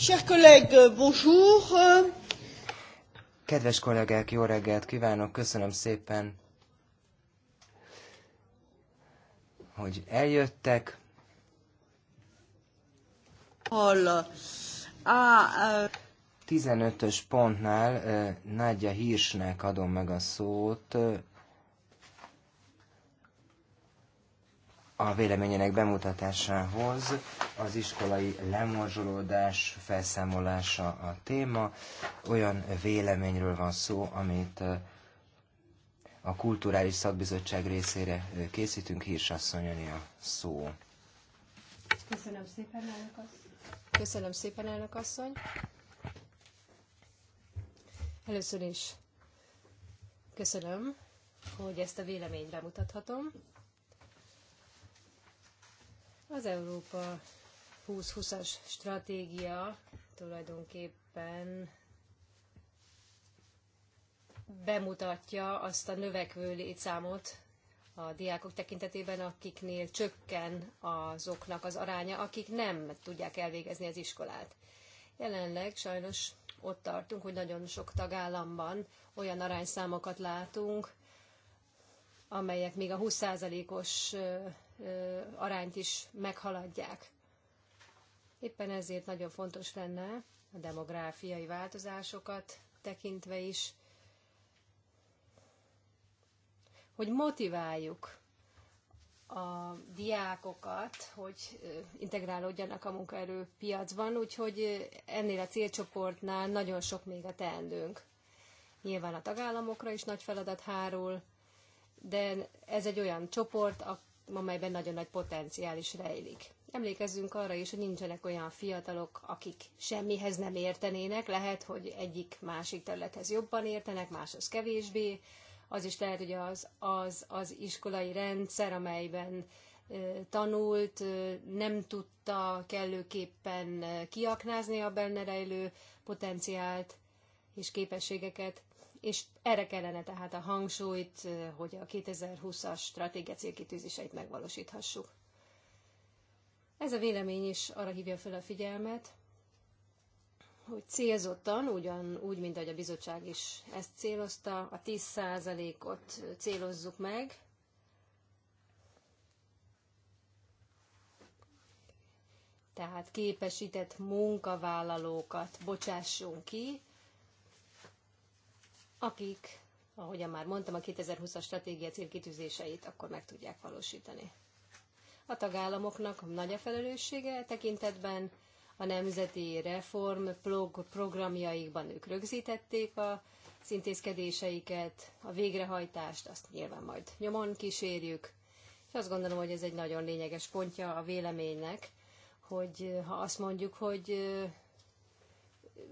Chers collègues, euh, bonjour. Kedves kollégák, jó reggelt kívánok, köszönöm szépen, hogy eljöttek. Hall. 15-ös pontnál Nagyja Hírsnek adom meg a szót, a véleményének bemutatásához az iskolai lemorzsolódás felszámolása a téma. Olyan véleményről van szó, amit eh, a Kulturális Szakbizottság részére eh, készítünk. Hírsasszony a szó. Köszönöm szépen, elnök asszony. Köszönöm szépen, elnök asszony. Először is köszönöm, hogy ezt a véleményt bemutathatom. Az Európa 2020-as stratégia tulajdonképpen bemutatja azt a növekvő létszámot a diákok tekintetében, akiknél csökken azoknak az aránya, akik nem tudják elvégezni az iskolát. Jelenleg sajnos ott tartunk, hogy nagyon sok tagállamban olyan arányszámokat látunk, amelyek még a 20%-os arányt is meghaladják. Éppen ezért nagyon fontos lenne a demográfiai változásokat tekintve is, hogy motiváljuk a diákokat, hogy integrálódjanak a munkaerőpiacban, úgyhogy ennél a célcsoportnál nagyon sok még a teendőnk. Nyilván a tagállamokra is nagy feladat hárul, de ez egy olyan csoport, amelyben nagyon nagy potenciál is rejlik. Emlékezzünk arra is, hogy nincsenek olyan fiatalok, akik semmihez nem értenének, lehet, hogy egyik másik területhez jobban értenek, máshoz kevésbé. Az is lehet, hogy az az, az iskolai rendszer, amelyben tanult, nem tudta kellőképpen kiaknázni a benne rejlő potenciált és képességeket és erre kellene tehát a hangsúlyt, hogy a 2020-as stratégia célkitűzéseit megvalósíthassuk. Ez a vélemény is arra hívja fel a figyelmet, hogy célzottan, ugyanúgy, mint ahogy a bizottság is ezt célozta, a 10%-ot célozzuk meg, tehát képesített munkavállalókat bocsássunk ki, akik, ahogyan már mondtam, a 2020-as stratégia célkitűzéseit akkor meg tudják valósítani. A tagállamoknak nagy a felelőssége e tekintetben, a nemzeti reform programjaikban ők rögzítették a az intézkedéseiket, a végrehajtást, azt nyilván majd nyomon kísérjük, és azt gondolom, hogy ez egy nagyon lényeges pontja a véleménynek, hogy ha azt mondjuk, hogy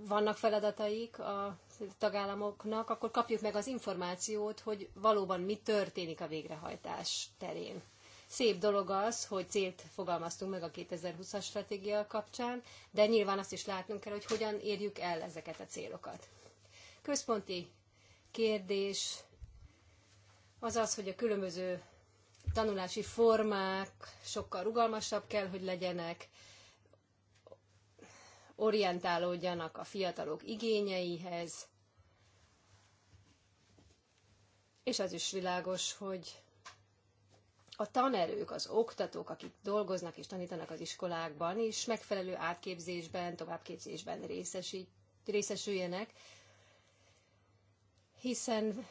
vannak feladataik a tagállamoknak, akkor kapjuk meg az információt, hogy valóban mi történik a végrehajtás terén. Szép dolog az, hogy célt fogalmaztunk meg a 2020-as stratégia kapcsán, de nyilván azt is látnunk kell, hogy hogyan érjük el ezeket a célokat. Központi kérdés az az, hogy a különböző tanulási formák sokkal rugalmasabb kell, hogy legyenek, orientálódjanak a fiatalok igényeihez, és az is világos, hogy a tanerők, az oktatók, akik dolgoznak és tanítanak az iskolákban, és megfelelő átképzésben, továbbképzésben részesüljenek, hiszen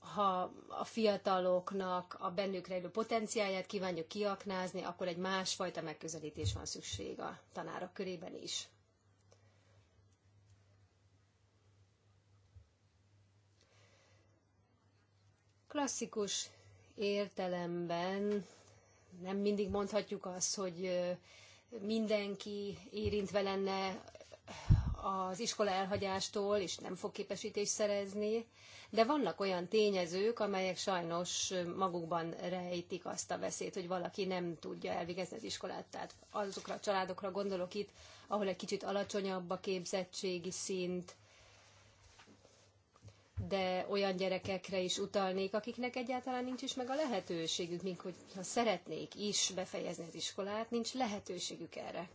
ha a fiataloknak a bennük rejlő potenciáját kívánjuk kiaknázni, akkor egy másfajta megközelítés van szükség a tanárok körében is. Klasszikus értelemben nem mindig mondhatjuk azt, hogy mindenki érintve lenne az iskola elhagyástól, és nem fog képesítést szerezni, de vannak olyan tényezők, amelyek sajnos magukban rejtik azt a veszélyt, hogy valaki nem tudja elvégezni az iskolát. Tehát azokra a családokra gondolok itt, ahol egy kicsit alacsonyabb a képzettségi szint, de olyan gyerekekre is utalnék, akiknek egyáltalán nincs is meg a lehetőségük, mint hogyha szeretnék is befejezni az iskolát, nincs lehetőségük erre.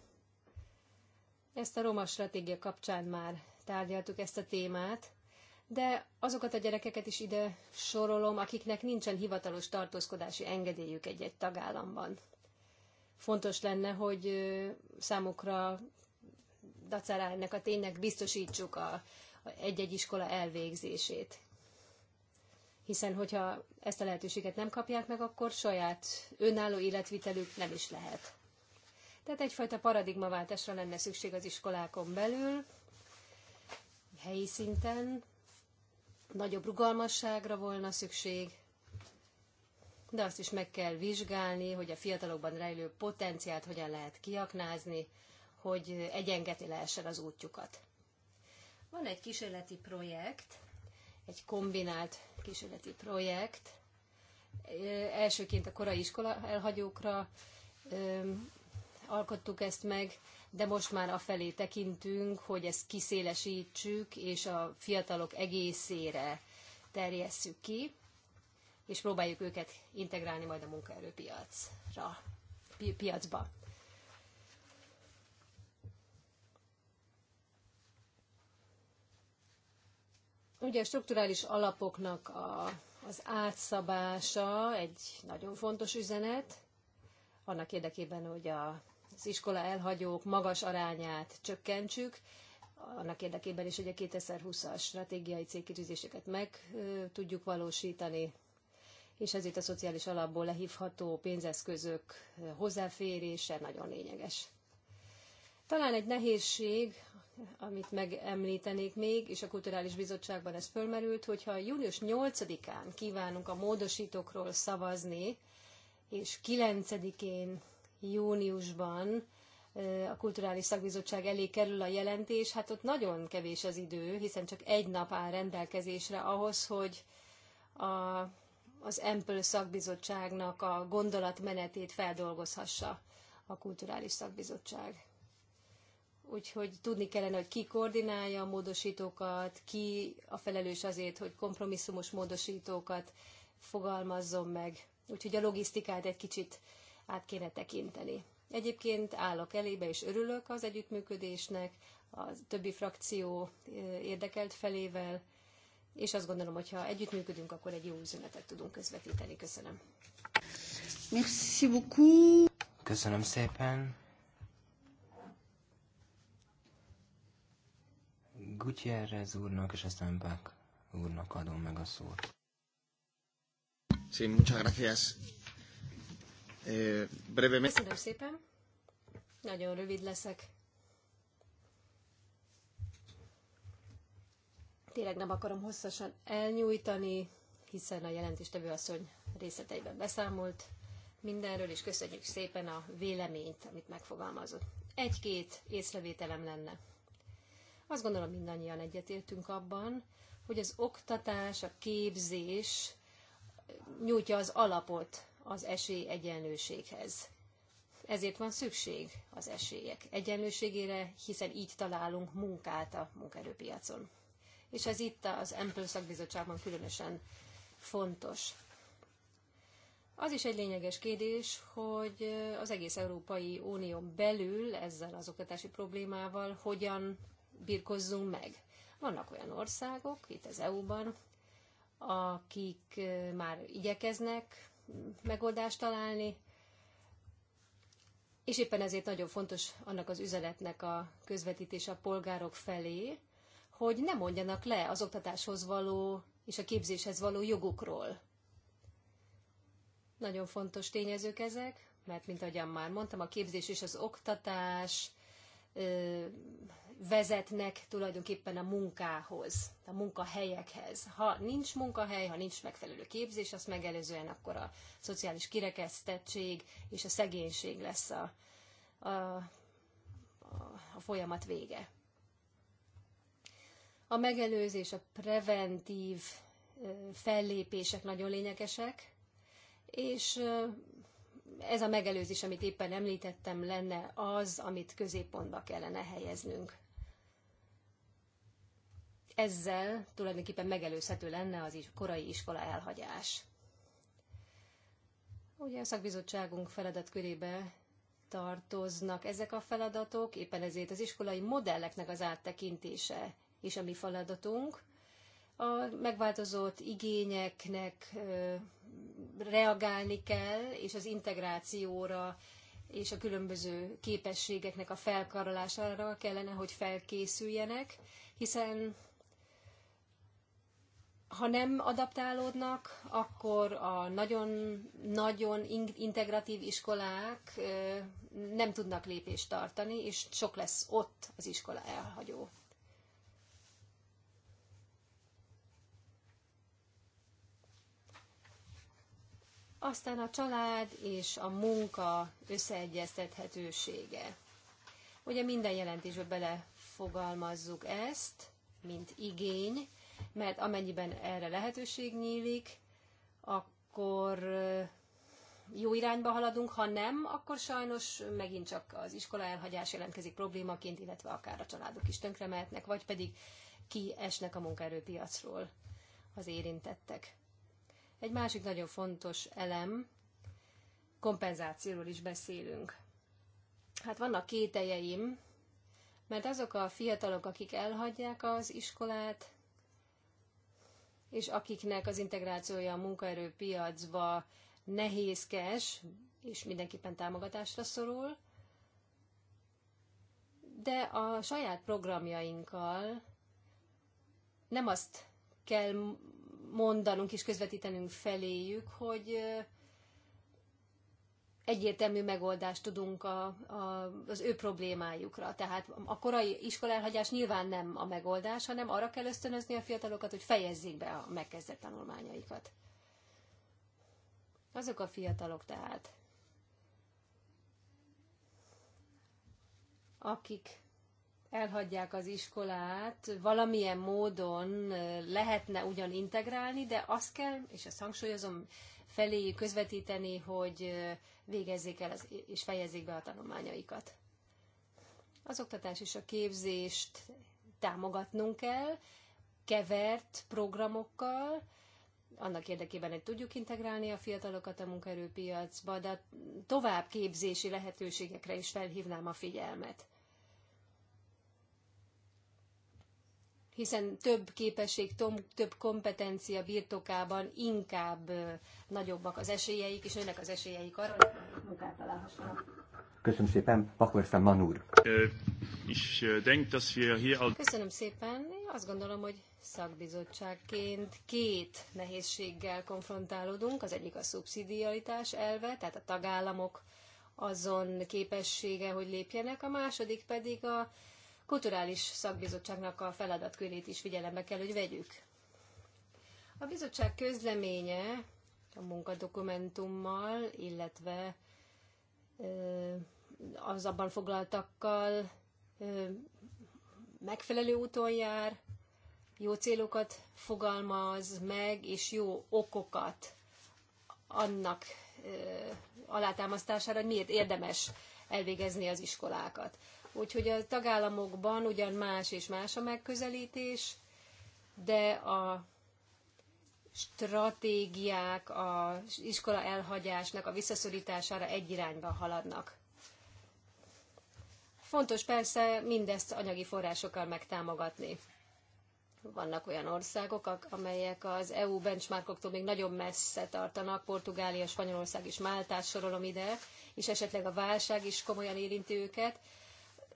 Ezt a roma stratégia kapcsán már tárgyaltuk ezt a témát, de azokat a gyerekeket is ide sorolom, akiknek nincsen hivatalos tartózkodási engedélyük egy-egy tagállamban. Fontos lenne, hogy számukra dacára a ténynek biztosítsuk a, egy-egy iskola elvégzését. Hiszen, hogyha ezt a lehetőséget nem kapják meg, akkor saját önálló életvitelük nem is lehet. Tehát egyfajta paradigmaváltásra lenne szükség az iskolákon belül, helyi szinten, nagyobb rugalmasságra volna szükség, de azt is meg kell vizsgálni, hogy a fiatalokban rejlő potenciált hogyan lehet kiaknázni, hogy egyengeti lehessen az útjukat. Van egy kísérleti projekt, egy kombinált kísérleti projekt. Elsőként a korai iskola elhagyókra alkottuk ezt meg, de most már afelé tekintünk, hogy ezt kiszélesítsük, és a fiatalok egészére terjesszük ki, és próbáljuk őket integrálni majd a munkaerőpiacra, pi- piacba. Ugye a strukturális alapoknak a, az átszabása egy nagyon fontos üzenet, annak érdekében, hogy a az iskola elhagyók magas arányát csökkentsük, annak érdekében is, hogy a 2020-as stratégiai célkitűzéseket meg tudjuk valósítani, és ezért a szociális alapból lehívható pénzeszközök hozzáférése nagyon lényeges. Talán egy nehézség, amit megemlítenék még, és a Kulturális Bizottságban ez fölmerült, hogyha július 8-án kívánunk a módosítókról szavazni, és 9-én júniusban a Kulturális Szakbizottság elé kerül a jelentés, hát ott nagyon kevés az idő, hiszen csak egy nap áll rendelkezésre ahhoz, hogy a, az Empel Szakbizottságnak a gondolatmenetét feldolgozhassa a Kulturális Szakbizottság. Úgyhogy tudni kellene, hogy ki koordinálja a módosítókat, ki a felelős azért, hogy kompromisszumos módosítókat fogalmazzon meg. Úgyhogy a logisztikát egy kicsit át kéne tekinteni. Egyébként állok elébe és örülök az együttműködésnek, a többi frakció érdekelt felével, és azt gondolom, hogy ha együttműködünk, akkor egy jó üzenetet tudunk közvetíteni. Köszönöm. Merci beaucoup. Köszönöm szépen. Gutierrez úrnak és aztán Bach úrnak adom meg a szót. Sí, muchas gracias. Eh, brevemente. Köszönöm szépen. Nagyon rövid leszek. Tényleg nem akarom hosszasan elnyújtani, hiszen a jelentéstevő asszony részleteiben beszámolt mindenről, és köszönjük szépen a véleményt, amit megfogalmazott. Egy-két észrevételem lenne. Azt gondolom mindannyian egyetértünk abban, hogy az oktatás, a képzés nyújtja az alapot az esélyegyenlőséghez. Ezért van szükség az esélyek egyenlőségére, hiszen így találunk munkát a munkaerőpiacon. És ez itt az Empel szakbizottságban különösen fontos. Az is egy lényeges kérdés, hogy az egész Európai Unión belül ezzel az oktatási problémával hogyan birkozzunk meg. Vannak olyan országok itt az EU-ban, akik már igyekeznek megoldást találni, és éppen ezért nagyon fontos annak az üzenetnek a közvetítése a polgárok felé, hogy ne mondjanak le az oktatáshoz való és a képzéshez való jogukról. Nagyon fontos tényezők ezek, mert mint ahogyan már mondtam, a képzés és az oktatás vezetnek tulajdonképpen a munkához, a munkahelyekhez. Ha nincs munkahely, ha nincs megfelelő képzés, azt megelőzően akkor a szociális kirekesztettség és a szegénység lesz a, a, a folyamat vége. A megelőzés, a preventív fellépések nagyon lényegesek, és ez a megelőzés, amit éppen említettem, lenne az, amit középpontba kellene helyeznünk ezzel tulajdonképpen megelőzhető lenne az is, korai iskola elhagyás. Ugye a szakbizottságunk feladatkörébe tartoznak ezek a feladatok, éppen ezért az iskolai modelleknek az áttekintése is a mi feladatunk. A megváltozott igényeknek reagálni kell, és az integrációra és a különböző képességeknek a felkarolására kellene, hogy felkészüljenek, hiszen ha nem adaptálódnak, akkor a nagyon-nagyon integratív iskolák nem tudnak lépést tartani, és sok lesz ott az iskola elhagyó. Aztán a család és a munka összeegyeztethetősége. Ugye minden jelentésbe belefogalmazzuk ezt, mint igény, mert amennyiben erre lehetőség nyílik, akkor jó irányba haladunk, ha nem, akkor sajnos megint csak az iskola elhagyás jelentkezik problémaként, illetve akár a családok is tönkre mehetnek, vagy pedig kiesnek a munkaerőpiacról az érintettek. Egy másik nagyon fontos elem, kompenzációról is beszélünk. Hát vannak kételjeim, mert azok a fiatalok, akik elhagyják az iskolát, és akiknek az integrációja a munkaerőpiacba nehézkes, és mindenképpen támogatásra szorul, de a saját programjainkkal nem azt kell mondanunk és közvetítenünk feléjük, hogy egyértelmű megoldást tudunk a, a, az ő problémájukra. Tehát a korai iskolálhagyás nyilván nem a megoldás, hanem arra kell ösztönözni a fiatalokat, hogy fejezzék be a megkezdett tanulmányaikat. Azok a fiatalok tehát, akik elhagyják az iskolát, valamilyen módon lehetne ugyan integrálni, de azt kell, és ezt hangsúlyozom, felé közvetíteni, hogy végezzék el és fejezzék be a tanulmányaikat. Az oktatás és a képzést támogatnunk kell, kevert programokkal, annak érdekében, hogy tudjuk integrálni a fiatalokat a munkaerőpiacba, de továbbképzési lehetőségekre is felhívnám a figyelmet. hiszen több képesség, több kompetencia birtokában inkább nagyobbak az esélyeik, és önnek az esélyeik arra, hogy munkát találhassanak. Köszönöm szépen, Pakverszám Manúr. Köszönöm szépen. Én azt gondolom, hogy szakbizottságként két nehézséggel konfrontálódunk. Az egyik a szubszidiaritás elve, tehát a tagállamok azon képessége, hogy lépjenek, a második pedig a kulturális szakbizottságnak a feladatkörét is figyelembe kell, hogy vegyük. A bizottság közleménye a munkadokumentummal, illetve az abban foglaltakkal megfelelő úton jár, jó célokat fogalmaz meg, és jó okokat annak alátámasztására, hogy miért érdemes elvégezni az iskolákat. Úgyhogy a tagállamokban ugyan más és más a megközelítés, de a stratégiák az iskola elhagyásnak a visszaszorítására egy irányba haladnak. Fontos persze mindezt anyagi forrásokkal megtámogatni. Vannak olyan országok, amelyek az EU benchmarkoktól még nagyon messze tartanak, Portugália, Spanyolország és Máltás sorolom ide, és esetleg a válság is komolyan érinti őket,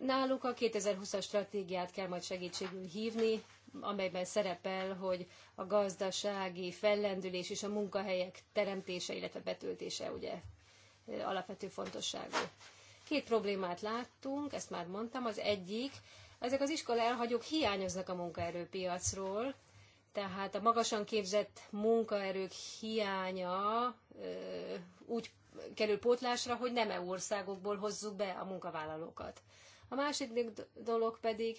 Náluk a 2020-as stratégiát kell majd segítségül hívni, amelyben szerepel, hogy a gazdasági fellendülés és a munkahelyek teremtése, illetve betöltése ugye alapvető fontosságú. Két problémát láttunk, ezt már mondtam, az egyik, ezek az iskola elhagyók hiányoznak a munkaerőpiacról, tehát a magasan képzett munkaerők hiánya úgy kerül pótlásra, hogy nem-e országokból hozzuk be a munkavállalókat. A másik dolog pedig,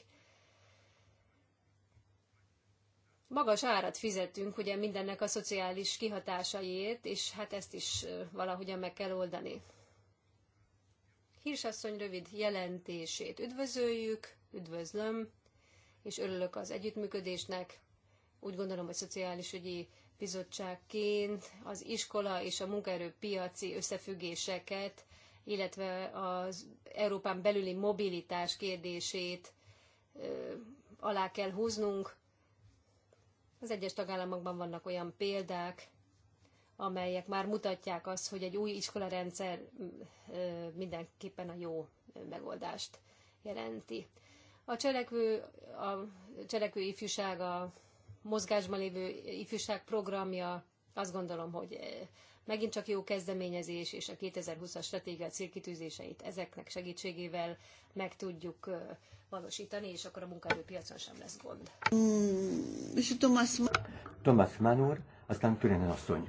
magas árat fizetünk ugye mindennek a szociális kihatásaiért, és hát ezt is valahogyan meg kell oldani. Hírsasszony rövid jelentését üdvözöljük, üdvözlöm, és örülök az együttműködésnek. Úgy gondolom, hogy Szociális Ügyi Bizottságként az iskola és a munkaerőpiaci összefüggéseket illetve az Európán belüli mobilitás kérdését alá kell húznunk. Az egyes tagállamokban vannak olyan példák, amelyek már mutatják azt, hogy egy új iskolarendszer mindenképpen a jó megoldást jelenti. A cselekvő, a cselekvő ifjúság, a mozgásban lévő ifjúság programja azt gondolom, hogy Megint csak jó kezdeményezés, és a 2020-as stratégia célkitűzéseit ezeknek segítségével meg tudjuk valósítani, és akkor a munkaerőpiacon sem lesz gond. Hmm, és Thomas, Thomas aztán Türenen asszony.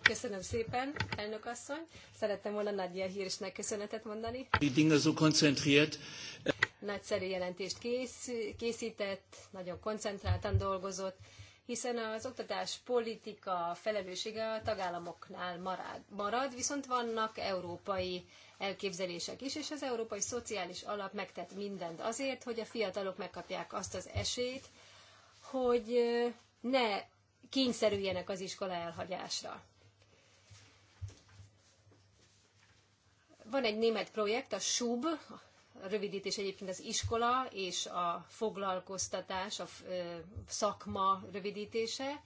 Köszönöm szépen, elnök asszony. Szerettem volna Nadia Hírsnek köszönetet mondani. Nagyszerű jelentést kész, készített, nagyon koncentráltan dolgozott hiszen az oktatás politika felelőssége a tagállamoknál marad. marad, viszont vannak európai elképzelések is, és az Európai Szociális Alap megtett mindent azért, hogy a fiatalok megkapják azt az esélyt, hogy ne kényszerüljenek az iskola elhagyásra. Van egy német projekt, a SUB, rövidítés egyébként az iskola és a foglalkoztatás, a szakma rövidítése,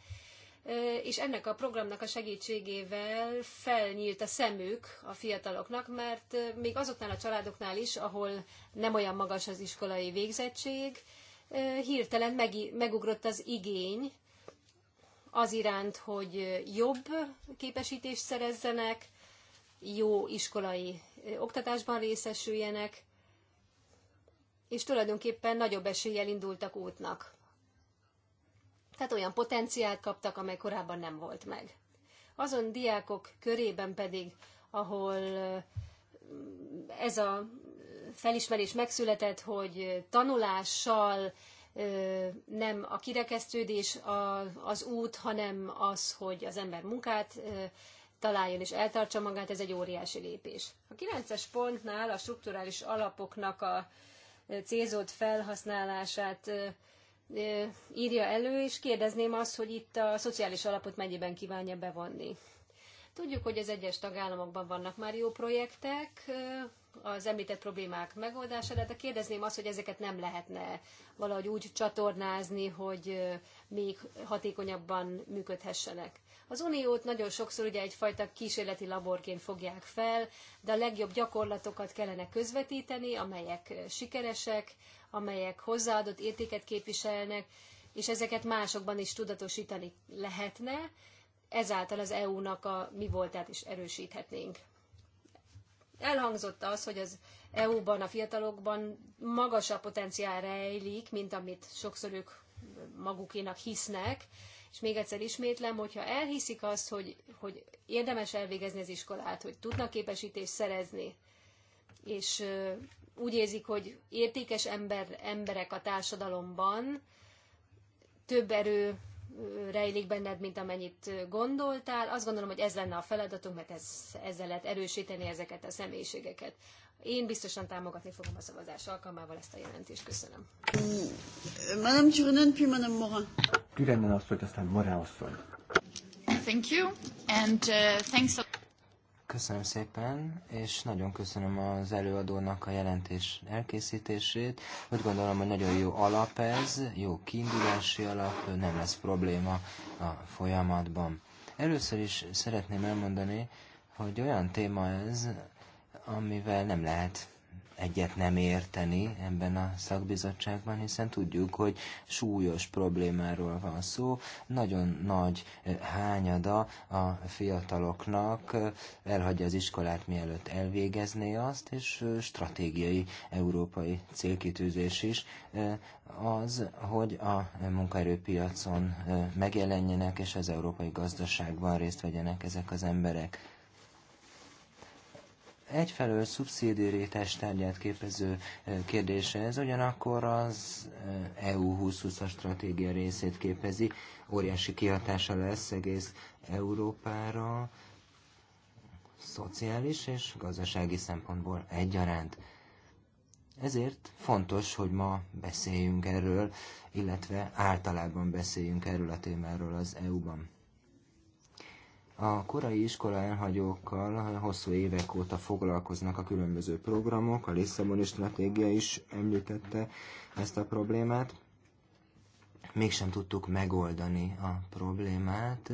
és ennek a programnak a segítségével felnyílt a szemük a fiataloknak, mert még azoknál a családoknál is, ahol nem olyan magas az iskolai végzettség, hirtelen meg, megugrott az igény az iránt, hogy jobb képesítést szerezzenek, jó iskolai oktatásban részesüljenek, és tulajdonképpen nagyobb eséllyel indultak útnak. Tehát olyan potenciált kaptak, amely korábban nem volt meg. Azon diákok körében pedig, ahol ez a felismerés megszületett, hogy tanulással nem a kirekesztődés az út, hanem az, hogy az ember munkát találjon és eltartsa magát, ez egy óriási lépés. A 9-es pontnál a strukturális alapoknak a célzott felhasználását írja elő, és kérdezném azt, hogy itt a szociális alapot mennyiben kívánja bevonni. Tudjuk, hogy az egyes tagállamokban vannak már jó projektek az említett problémák megoldására, de hát kérdezném azt, hogy ezeket nem lehetne valahogy úgy csatornázni, hogy még hatékonyabban működhessenek. Az uniót nagyon sokszor ugye egyfajta kísérleti laborként fogják fel, de a legjobb gyakorlatokat kellene közvetíteni, amelyek sikeresek, amelyek hozzáadott értéket képviselnek, és ezeket másokban is tudatosítani lehetne, ezáltal az EU-nak a mi voltát is erősíthetnénk. Elhangzott az, hogy az EU-ban a fiatalokban magasabb potenciál rejlik, mint amit sokszor ők magukénak hisznek, és még egyszer ismétlem, hogyha elhiszik azt, hogy, hogy érdemes elvégezni az iskolát, hogy tudnak képesítést szerezni, és úgy érzik, hogy értékes ember, emberek a társadalomban, több erő rejlik benned, mint amennyit gondoltál. Azt gondolom, hogy ez lenne a feladatunk, mert ez, ezzel lehet erősíteni ezeket a személyiségeket. Én biztosan támogatni fogom a szavazás alkalmával ezt a jelentést. Köszönöm. Madame Turunen, puis Madame Morin. Turunen asszony, aztán Morin asszony. Thank you, and uh, thanks a Köszönöm szépen, és nagyon köszönöm az előadónak a jelentés elkészítését. Úgy gondolom, hogy nagyon jó alap ez, jó kiindulási alap, nem lesz probléma a folyamatban. Először is szeretném elmondani, hogy olyan téma ez, amivel nem lehet egyet nem érteni ebben a szakbizottságban, hiszen tudjuk, hogy súlyos problémáról van szó. Nagyon nagy eh, hányada a fiataloknak eh, elhagyja az iskolát, mielőtt elvégezné azt, és eh, stratégiai európai célkitűzés is az, hogy a munkaerőpiacon megjelenjenek, és az európai gazdaságban részt vegyenek ezek az emberek egyfelől szubszidőrétes tárgyát képező kérdése ez, ugyanakkor az EU 2020-as stratégia részét képezi, óriási kihatása lesz egész Európára, szociális és gazdasági szempontból egyaránt. Ezért fontos, hogy ma beszéljünk erről, illetve általában beszéljünk erről a témáról az EU-ban. A korai iskola elhagyókkal hosszú évek óta foglalkoznak a különböző programok, a Lisszaboni stratégia is említette ezt a problémát. Mégsem tudtuk megoldani a problémát.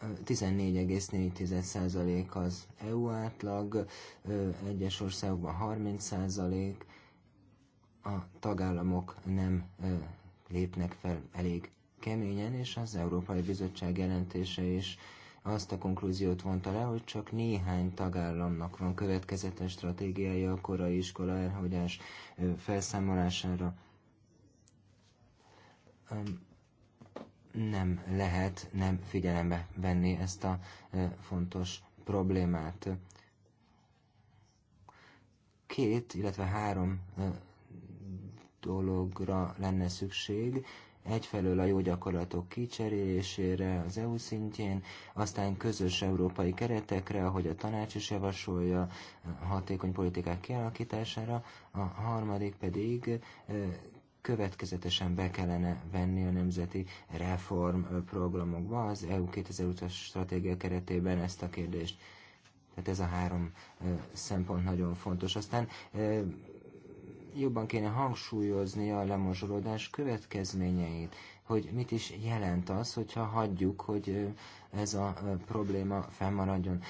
14,4% az EU átlag, egyes országokban 30%, a tagállamok nem lépnek fel elég keményen, és az Európai Bizottság jelentése is azt a konklúziót vonta le, hogy csak néhány tagállamnak van következetes stratégiája a korai iskola elhagyás felszámolására. Nem lehet nem figyelembe venni ezt a fontos problémát. Két, illetve három dologra lenne szükség egyfelől a jó gyakorlatok kicserélésére az EU szintjén, aztán közös európai keretekre, ahogy a tanács is javasolja, hatékony politikák kialakítására, a harmadik pedig következetesen be kellene venni a nemzeti reformprogramokba az EU 2020-as stratégia keretében ezt a kérdést. Tehát ez a három szempont nagyon fontos. Aztán jobban kéne hangsúlyozni a lemozsolódás következményeit, hogy mit is jelent az, hogyha hagyjuk, hogy ez a probléma fennmaradjon.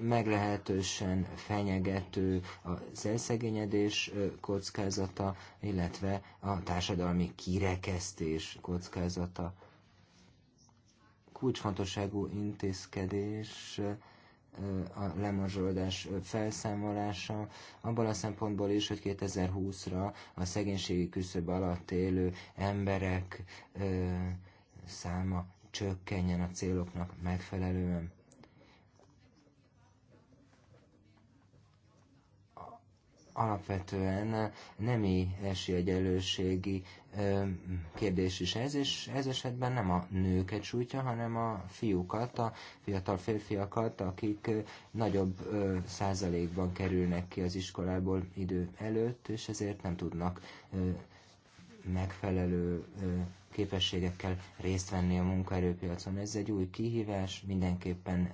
Meglehetősen fenyegető az elszegényedés kockázata, illetve a társadalmi kirekesztés kockázata. Kulcsfontosságú intézkedés a lemazsoldás felszámolása, abból a szempontból is, hogy 2020-ra a szegénységi küszöb alatt élő emberek száma csökkenjen a céloknak megfelelően. alapvetően nemi esélyegyelőségi kérdés is ez, és ez esetben nem a nőket sújtja, hanem a fiúkat, a fiatal férfiakat, akik nagyobb százalékban kerülnek ki az iskolából idő előtt, és ezért nem tudnak megfelelő képességekkel részt venni a munkaerőpiacon. Ez egy új kihívás, mindenképpen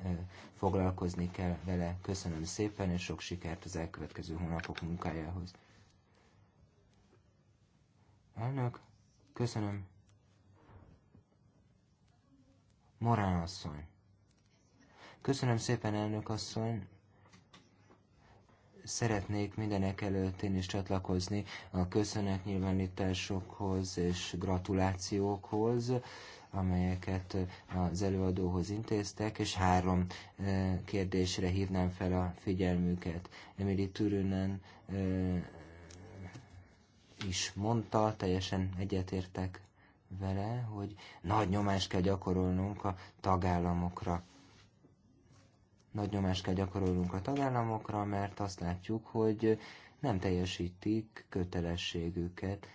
foglalkozni kell vele. Köszönöm szépen, és sok sikert az elkövetkező hónapok munkájához. Elnök, köszönöm. Morán asszony. Köszönöm szépen, elnök asszony. Szeretnék mindenek előtt én is csatlakozni a köszönetnyilvánításokhoz és gratulációkhoz, amelyeket az előadóhoz intéztek, és három kérdésre hívnám fel a figyelmüket. Emily Türünen is mondta, teljesen egyetértek vele, hogy nagy nyomást kell gyakorolnunk a tagállamokra nagy nyomást kell gyakorolnunk a tagállamokra, mert azt látjuk, hogy nem teljesítik kötelességüket.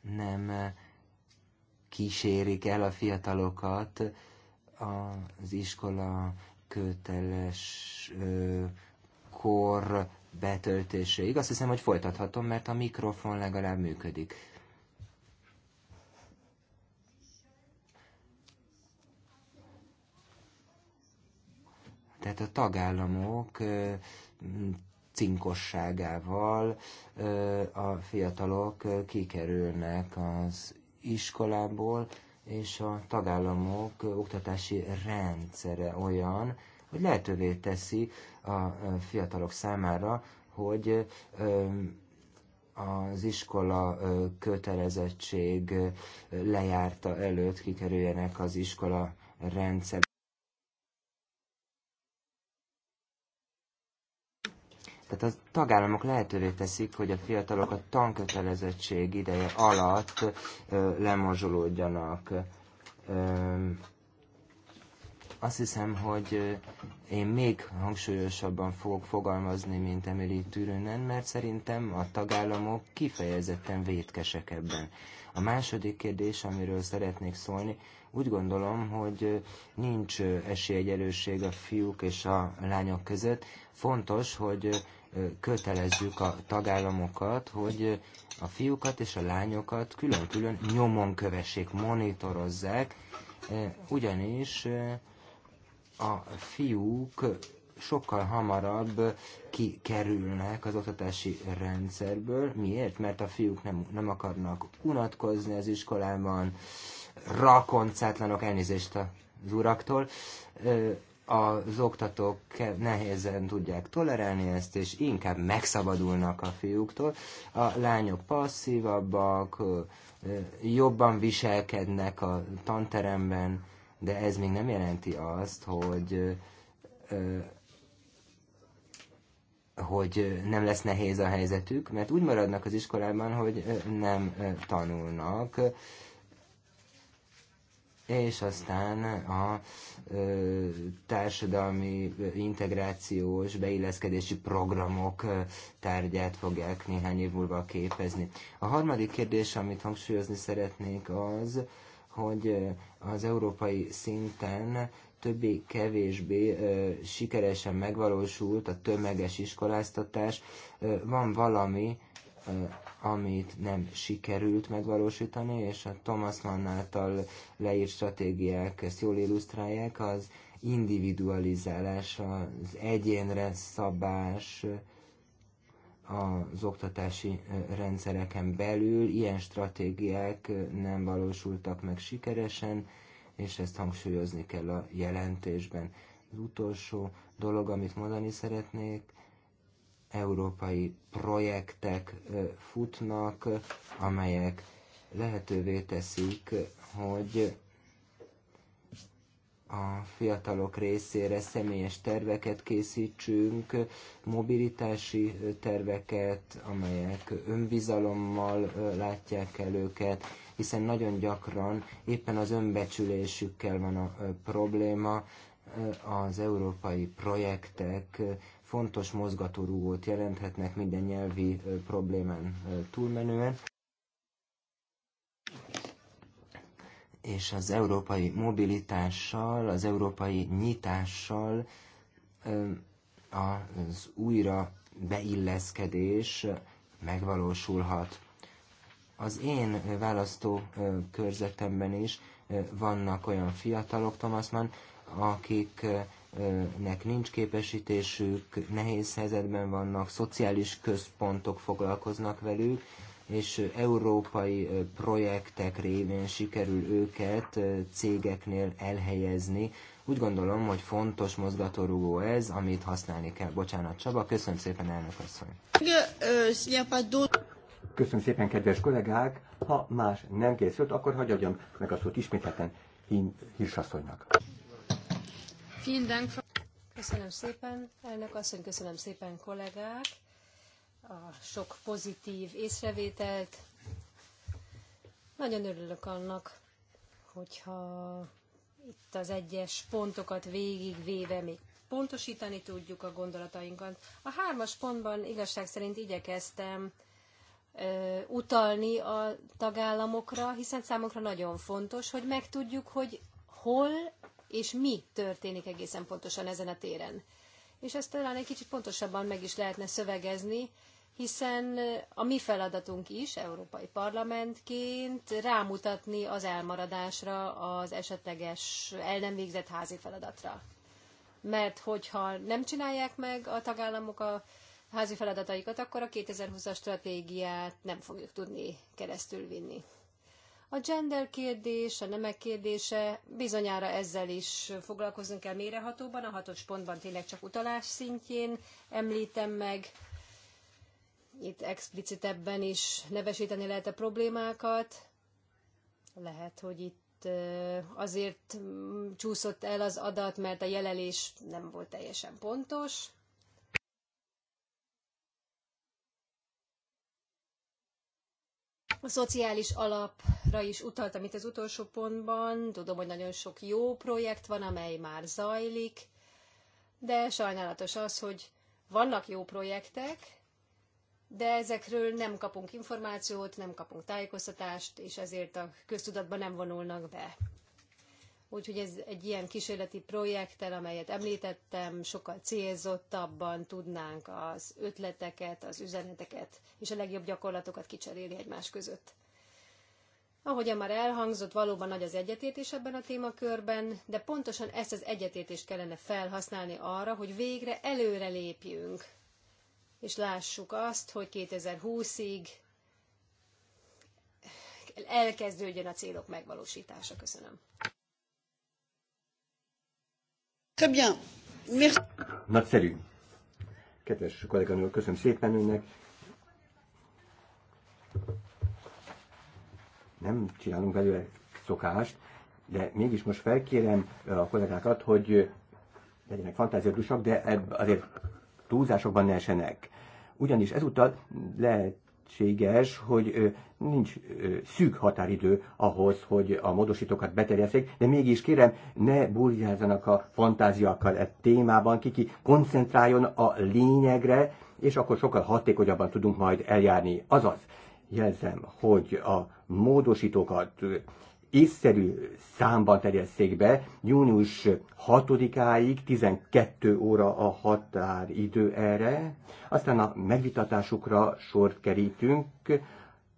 Nem kísérik el a fiatalokat az iskola köteles kor betöltéséig. Azt hiszem, hogy folytathatom, mert a mikrofon legalább működik. Tehát a tagállamok cinkosságával a fiatalok kikerülnek az iskolából, és a tagállamok oktatási rendszere olyan, hogy lehetővé teszi a fiatalok számára, hogy az iskola kötelezettség lejárta előtt kikerüljenek az iskola rendszer. Tehát a tagállamok lehetővé teszik, hogy a fiatalok a tankötelezettség ideje alatt lemorzsolódjanak. Azt hiszem, hogy én még hangsúlyosabban fogok fogalmazni, mint Emily Tűrőnen, mert szerintem a tagállamok kifejezetten vétkesek ebben. A második kérdés, amiről szeretnék szólni, úgy gondolom, hogy nincs esélyegyelőség a fiúk és a lányok között. Fontos, hogy kötelezzük a tagállamokat, hogy a fiúkat és a lányokat külön-külön nyomon kövessék, monitorozzák, ugyanis a fiúk sokkal hamarabb kikerülnek az oktatási rendszerből. Miért? Mert a fiúk nem, nem akarnak unatkozni az iskolában, rakoncátlanok elnézést az uraktól, az oktatók nehézen tudják tolerálni ezt, és inkább megszabadulnak a fiúktól. A lányok passzívabbak, jobban viselkednek a tanteremben, de ez még nem jelenti azt, hogy hogy nem lesz nehéz a helyzetük, mert úgy maradnak az iskolában, hogy nem tanulnak, és aztán a ö, társadalmi integrációs beilleszkedési programok ö, tárgyát fogják néhány év múlva képezni. A harmadik kérdés, amit hangsúlyozni szeretnék az, hogy az európai szinten többé-kevésbé sikeresen megvalósult a tömeges iskoláztatás. Ö, van valami, amit nem sikerült megvalósítani, és a Thomas Mann által leírt stratégiák ezt jól illusztrálják, az individualizálás, az egyénre szabás az oktatási rendszereken belül. Ilyen stratégiák nem valósultak meg sikeresen, és ezt hangsúlyozni kell a jelentésben. Az utolsó dolog, amit mondani szeretnék, európai projektek futnak, amelyek lehetővé teszik, hogy a fiatalok részére személyes terveket készítsünk, mobilitási terveket, amelyek önbizalommal látják el őket, hiszen nagyon gyakran éppen az önbecsülésükkel van a probléma, az európai projektek fontos mozgatórugót jelenthetnek minden nyelvi problémán túlmenően. És az európai mobilitással, az európai nyitással az újra beilleszkedés megvalósulhat. Az én választó körzetemben is vannak olyan fiatalok, Thomas Mann, akik nek nincs képesítésük, nehéz helyzetben vannak, szociális központok foglalkoznak velük, és európai projektek révén sikerül őket cégeknél elhelyezni. Úgy gondolom, hogy fontos mozgatórugó ez, amit használni kell. Bocsánat, Csaba, köszönöm szépen, elnök asszony. Köszönöm szépen, kedves kollégák! Ha más nem készült, akkor hagyjam meg a szót ismételten Hírsasszonynak. Köszönöm szépen, elnök asszony, köszönöm szépen kollégák a sok pozitív észrevételt. Nagyon örülök annak, hogyha itt az egyes pontokat végigvéve még pontosítani tudjuk a gondolatainkat. A hármas pontban igazság szerint igyekeztem ö, utalni a tagállamokra, hiszen számunkra nagyon fontos, hogy megtudjuk, hogy hol és mi történik egészen pontosan ezen a téren. És ezt talán egy kicsit pontosabban meg is lehetne szövegezni, hiszen a mi feladatunk is, Európai Parlamentként rámutatni az elmaradásra, az esetleges el nem végzett házi feladatra. Mert hogyha nem csinálják meg a tagállamok a házi feladataikat, akkor a 2020-as stratégiát nem fogjuk tudni keresztül vinni. A gender kérdés, a nemek kérdése, bizonyára ezzel is foglalkozunk kell mérehatóban, a hatos pontban tényleg csak utalás szintjén említem meg, itt explicitebben is nevesíteni lehet a problémákat. Lehet, hogy itt azért mm, csúszott el az adat, mert a jelelés nem volt teljesen pontos. A szociális alapra is utaltam itt az utolsó pontban. Tudom, hogy nagyon sok jó projekt van, amely már zajlik, de sajnálatos az, hogy vannak jó projektek, de ezekről nem kapunk információt, nem kapunk tájékoztatást, és ezért a köztudatban nem vonulnak be. Úgyhogy ez egy ilyen kísérleti projekttel, amelyet említettem, sokkal célzottabban tudnánk az ötleteket, az üzeneteket és a legjobb gyakorlatokat kicserélni egymás között. Ahogyan már elhangzott, valóban nagy az egyetértés ebben a témakörben, de pontosan ezt az egyetértést kellene felhasználni arra, hogy végre előre lépjünk, és lássuk azt, hogy 2020-ig elkezdődjön a célok megvalósítása. Köszönöm. Très bien. Merci. Nagyszerű. Kedves kolléganő, köszönöm szépen önnek. Nem csinálunk belőle szokást, de mégis most felkérem a kollégákat, hogy legyenek fantáziadusak, de azért túlzásokban ne esenek. Ugyanis ezúttal lehet lehetséges, hogy nincs szűk határidő ahhoz, hogy a módosítókat beterjeszték, de mégis kérem, ne burjázzanak a fantáziakkal e témában, kiki koncentráljon a lényegre, és akkor sokkal hatékonyabban tudunk majd eljárni. Azaz, jelzem, hogy a módosítókat észszerű számban terjesszék be, június 6-áig 12 óra a határidő erre, aztán a megvitatásukra sort kerítünk,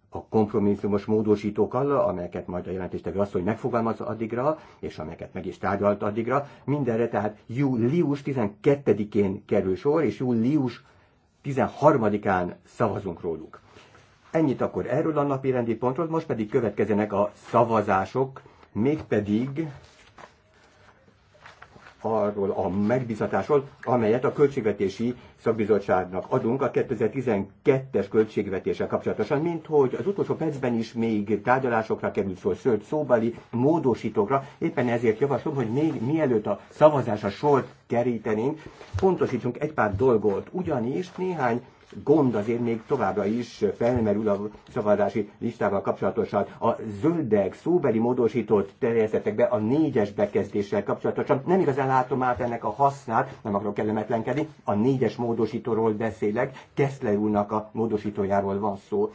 a kompromisszumos módosítókkal, amelyeket majd a jelentéstevő asszony megfogalmaz addigra, és amelyeket meg is tárgyalt addigra, mindenre tehát július 12-én kerül sor, és július 13-án szavazunk róluk. Ennyit akkor erről a napi rendi pontról, most pedig következenek a szavazások, mégpedig arról a megbizatásról, amelyet a Költségvetési Szakbizottságnak adunk a 2012-es költségvetéssel kapcsolatosan, mint hogy az utolsó percben is még tárgyalásokra került szó, sőt szóbali módosítókra. Éppen ezért javaslom, hogy még mielőtt a szavazásra sort kerítenénk, pontosítsunk egy pár dolgot, ugyanis néhány gond azért még továbbra is felmerül a szavazási listával kapcsolatosan. A zöldek szóbeli módosított terjesztetekbe a négyes bekezdéssel kapcsolatosan. Nem igazán látom át ennek a hasznát, nem akarok kellemetlenkedni. A négyes módosítóról beszélek, Kessler úrnak a módosítójáról van szó.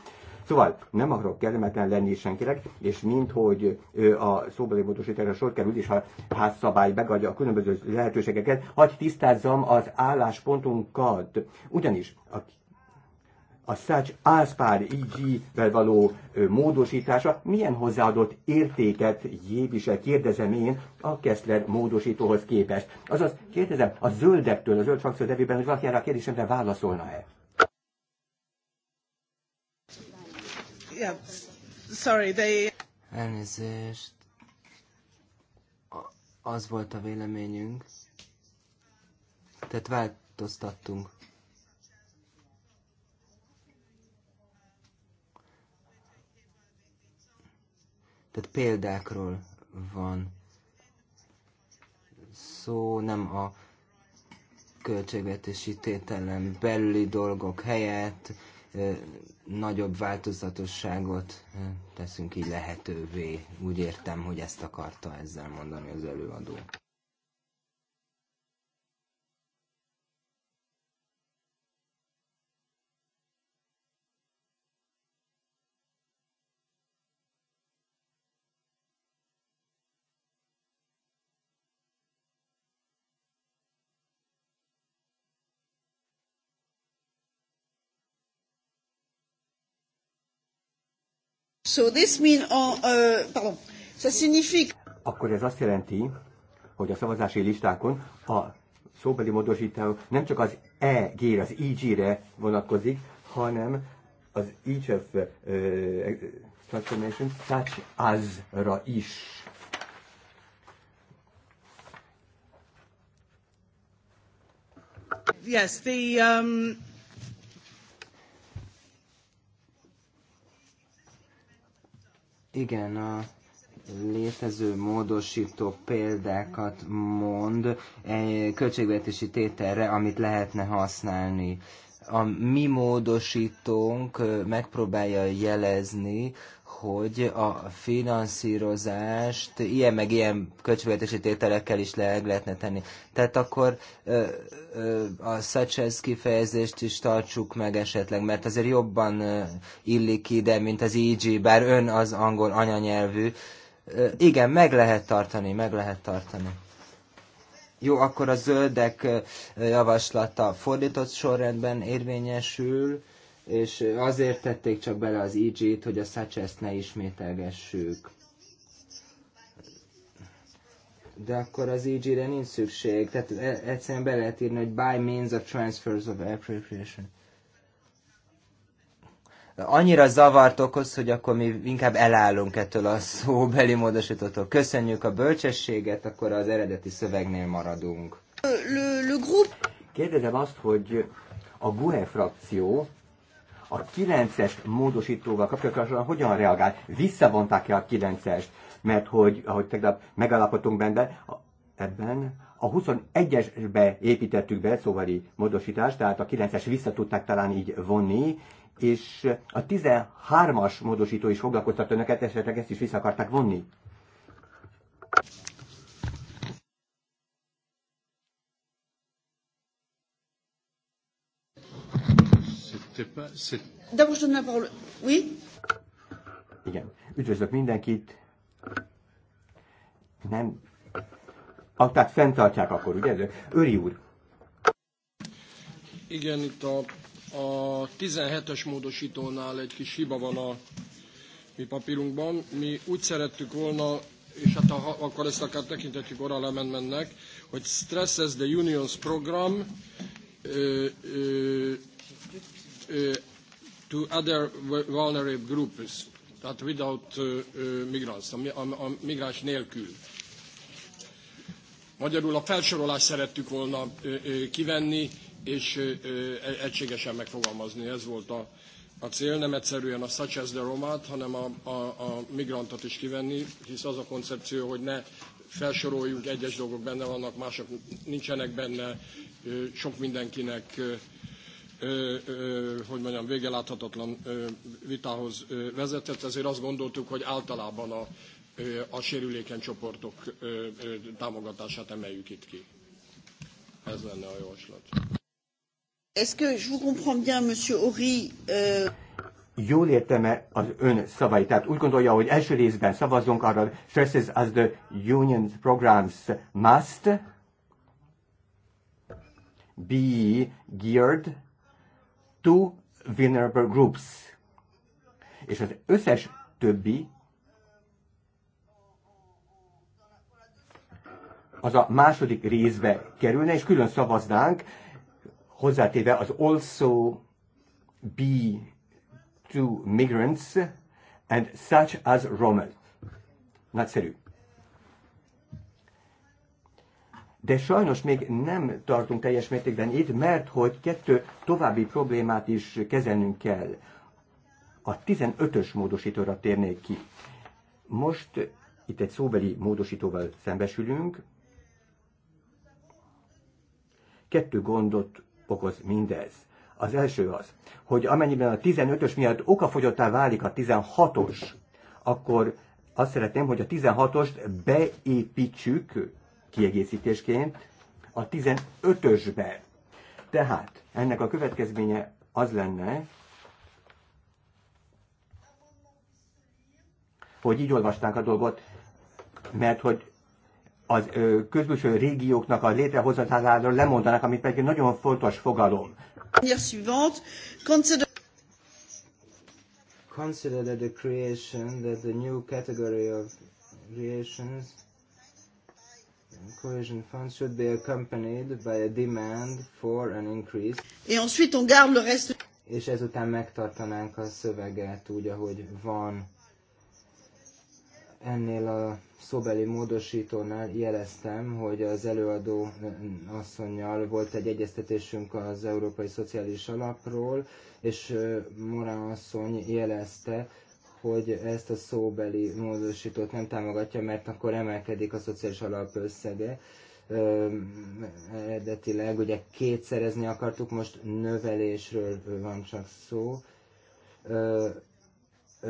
Szóval nem akarok kellemetlen lenni senkinek, és minthogy a szóbeli módosításra sor kerül, és a házszabály megadja a különböző lehetőségeket, hagy tisztázzam az álláspontunkat. Ugyanis a a Szács Álszpár IG-vel való módosítása milyen hozzáadott értéket Jébise kérdezem én a Kessler módosítóhoz képest. Azaz kérdezem a zöldektől, a zöld frakció nevében, hogy valaki erre a kérdésemre válaszolna-e? Yeah. Sorry, they... Elnézést. Az volt a véleményünk. Tehát változtattunk Tehát példákról van szó, nem a költségvetési tételen belüli dolgok helyett ö, nagyobb változatosságot ö, teszünk így lehetővé. Úgy értem, hogy ezt akarta ezzel mondani az előadó. So this mean uh, uh, pardon, ça signifie... Akkor ez azt jelenti, hogy a szavazási listákon a szóbeli módosító nem csak az E g az EG-re vonatkozik, hanem az each of uh, transformation such as-ra is. Yes, the um, Igen, a létező módosító példákat mond költségvetési tételre, amit lehetne használni. A mi módosítónk megpróbálja jelezni, hogy a finanszírozást ilyen meg ilyen költségvetési tételekkel is le lehetne tenni. Tehát akkor ö, ö, a Szecsesz kifejezést is tartsuk meg esetleg, mert azért jobban ö, illik ide, mint az EG, bár ön az angol anyanyelvű. Ö, igen, meg lehet tartani, meg lehet tartani. Jó, akkor a zöldek javaslata fordított sorrendben érvényesül és azért tették csak bele az IG-t, hogy a Suggest ne ismételgessük. De akkor az IG-re nincs szükség, tehát e- egyszerűen be lehet írni, hogy by means of transfers of appropriation. Annyira zavart okoz, hogy akkor mi inkább elállunk ettől a szóbeli módosítótól. Köszönjük a bölcsességet, akkor az eredeti szövegnél maradunk. Le, le group... Kérdezem azt, hogy a GUE frakció a 9-es módosítóval kapcsolatosan hogyan reagált? Visszavonták-e a 9-est? Mert hogy, ahogy tegnap megállapodtunk benne, ebben a 21-esbe építettük be szóvali módosítást, tehát a 9-es vissza tudták talán így vonni, és a 13-as módosító is foglalkoztat önöket, esetleg ezt is vissza akarták vonni. pas... D'abord, je donne la parole. Oui? Igen. Üdvözlök mindenkit. Nem. Ah, tehát fenntartják akkor, ugye? Öri úr. Igen, itt a, a 17-es módosítónál egy kis hiba van a mi papírunkban. Mi úgy szerettük volna, és hát a, akkor ezt akár tekintetjük oral mennek, hogy stresses the union's program, ö, ö, uh, to other vulnerable groups, that without uh, uh migrants, a, a, a migráns nélkül. Magyarul a felsorolást szerettük volna uh, uh kivenni, és uh, uh e-, egységesen megfogalmazni. Ez volt a, a cél, nem egyszerűen a such as the romát, hanem a, a, a migrantot is kivenni, hisz az a koncepció, hogy ne felsoroljunk, egyes dolgok benne vannak, mások nincsenek benne, sok mindenkinek hogy mondjam, végeláthatatlan vitához vezetett, ezért azt gondoltuk, hogy általában a, a sérülékeny csoportok támogatását emeljük itt ki. Ez lenne a javaslat. Est-ce que je vous comprends bien, Monsieur Horry? Euh... Jól értem-e az ön szavait? Tehát úgy gondolja, hogy első részben szavazunk arra, stresses as the union programs must be geared to vulnerable groups. És az összes többi az a második részbe kerülne, és külön szavaznánk, hozzátéve az also be to migrants and such as Rommel. Nagyszerű. de sajnos még nem tartunk teljes mértékben itt, mert hogy kettő további problémát is kezelnünk kell. A 15-ös módosítóra térnék ki. Most itt egy szóbeli módosítóval szembesülünk. Kettő gondot okoz mindez. Az első az, hogy amennyiben a 15-ös miatt okafogyottá válik a 16-os, akkor azt szeretném, hogy a 16-ost beépítsük kiegészítésként a 15-ösbe. Tehát ennek a következménye az lenne, hogy így olvasták a dolgot, mert hogy az közbülső régióknak a létrehozataláról lemondanak, amit pedig nagyon fontos fogalom. Consider the creation that the new category of creations cohesion funds should be accompanied by a demand for an increase. Et ensuite on garde le reste. És ezután megtartanánk a szöveget úgy, ahogy van. Ennél a szóbeli módosítónál jeleztem, hogy az előadó asszonynal volt egy egyeztetésünk az Európai Szociális Alapról, és Morán asszony jelezte, hogy ezt a szóbeli módosítót nem támogatja, mert akkor emelkedik a szociális alap összege. Eredetileg ugye kétszerezni akartuk, most növelésről van csak szó. Ö,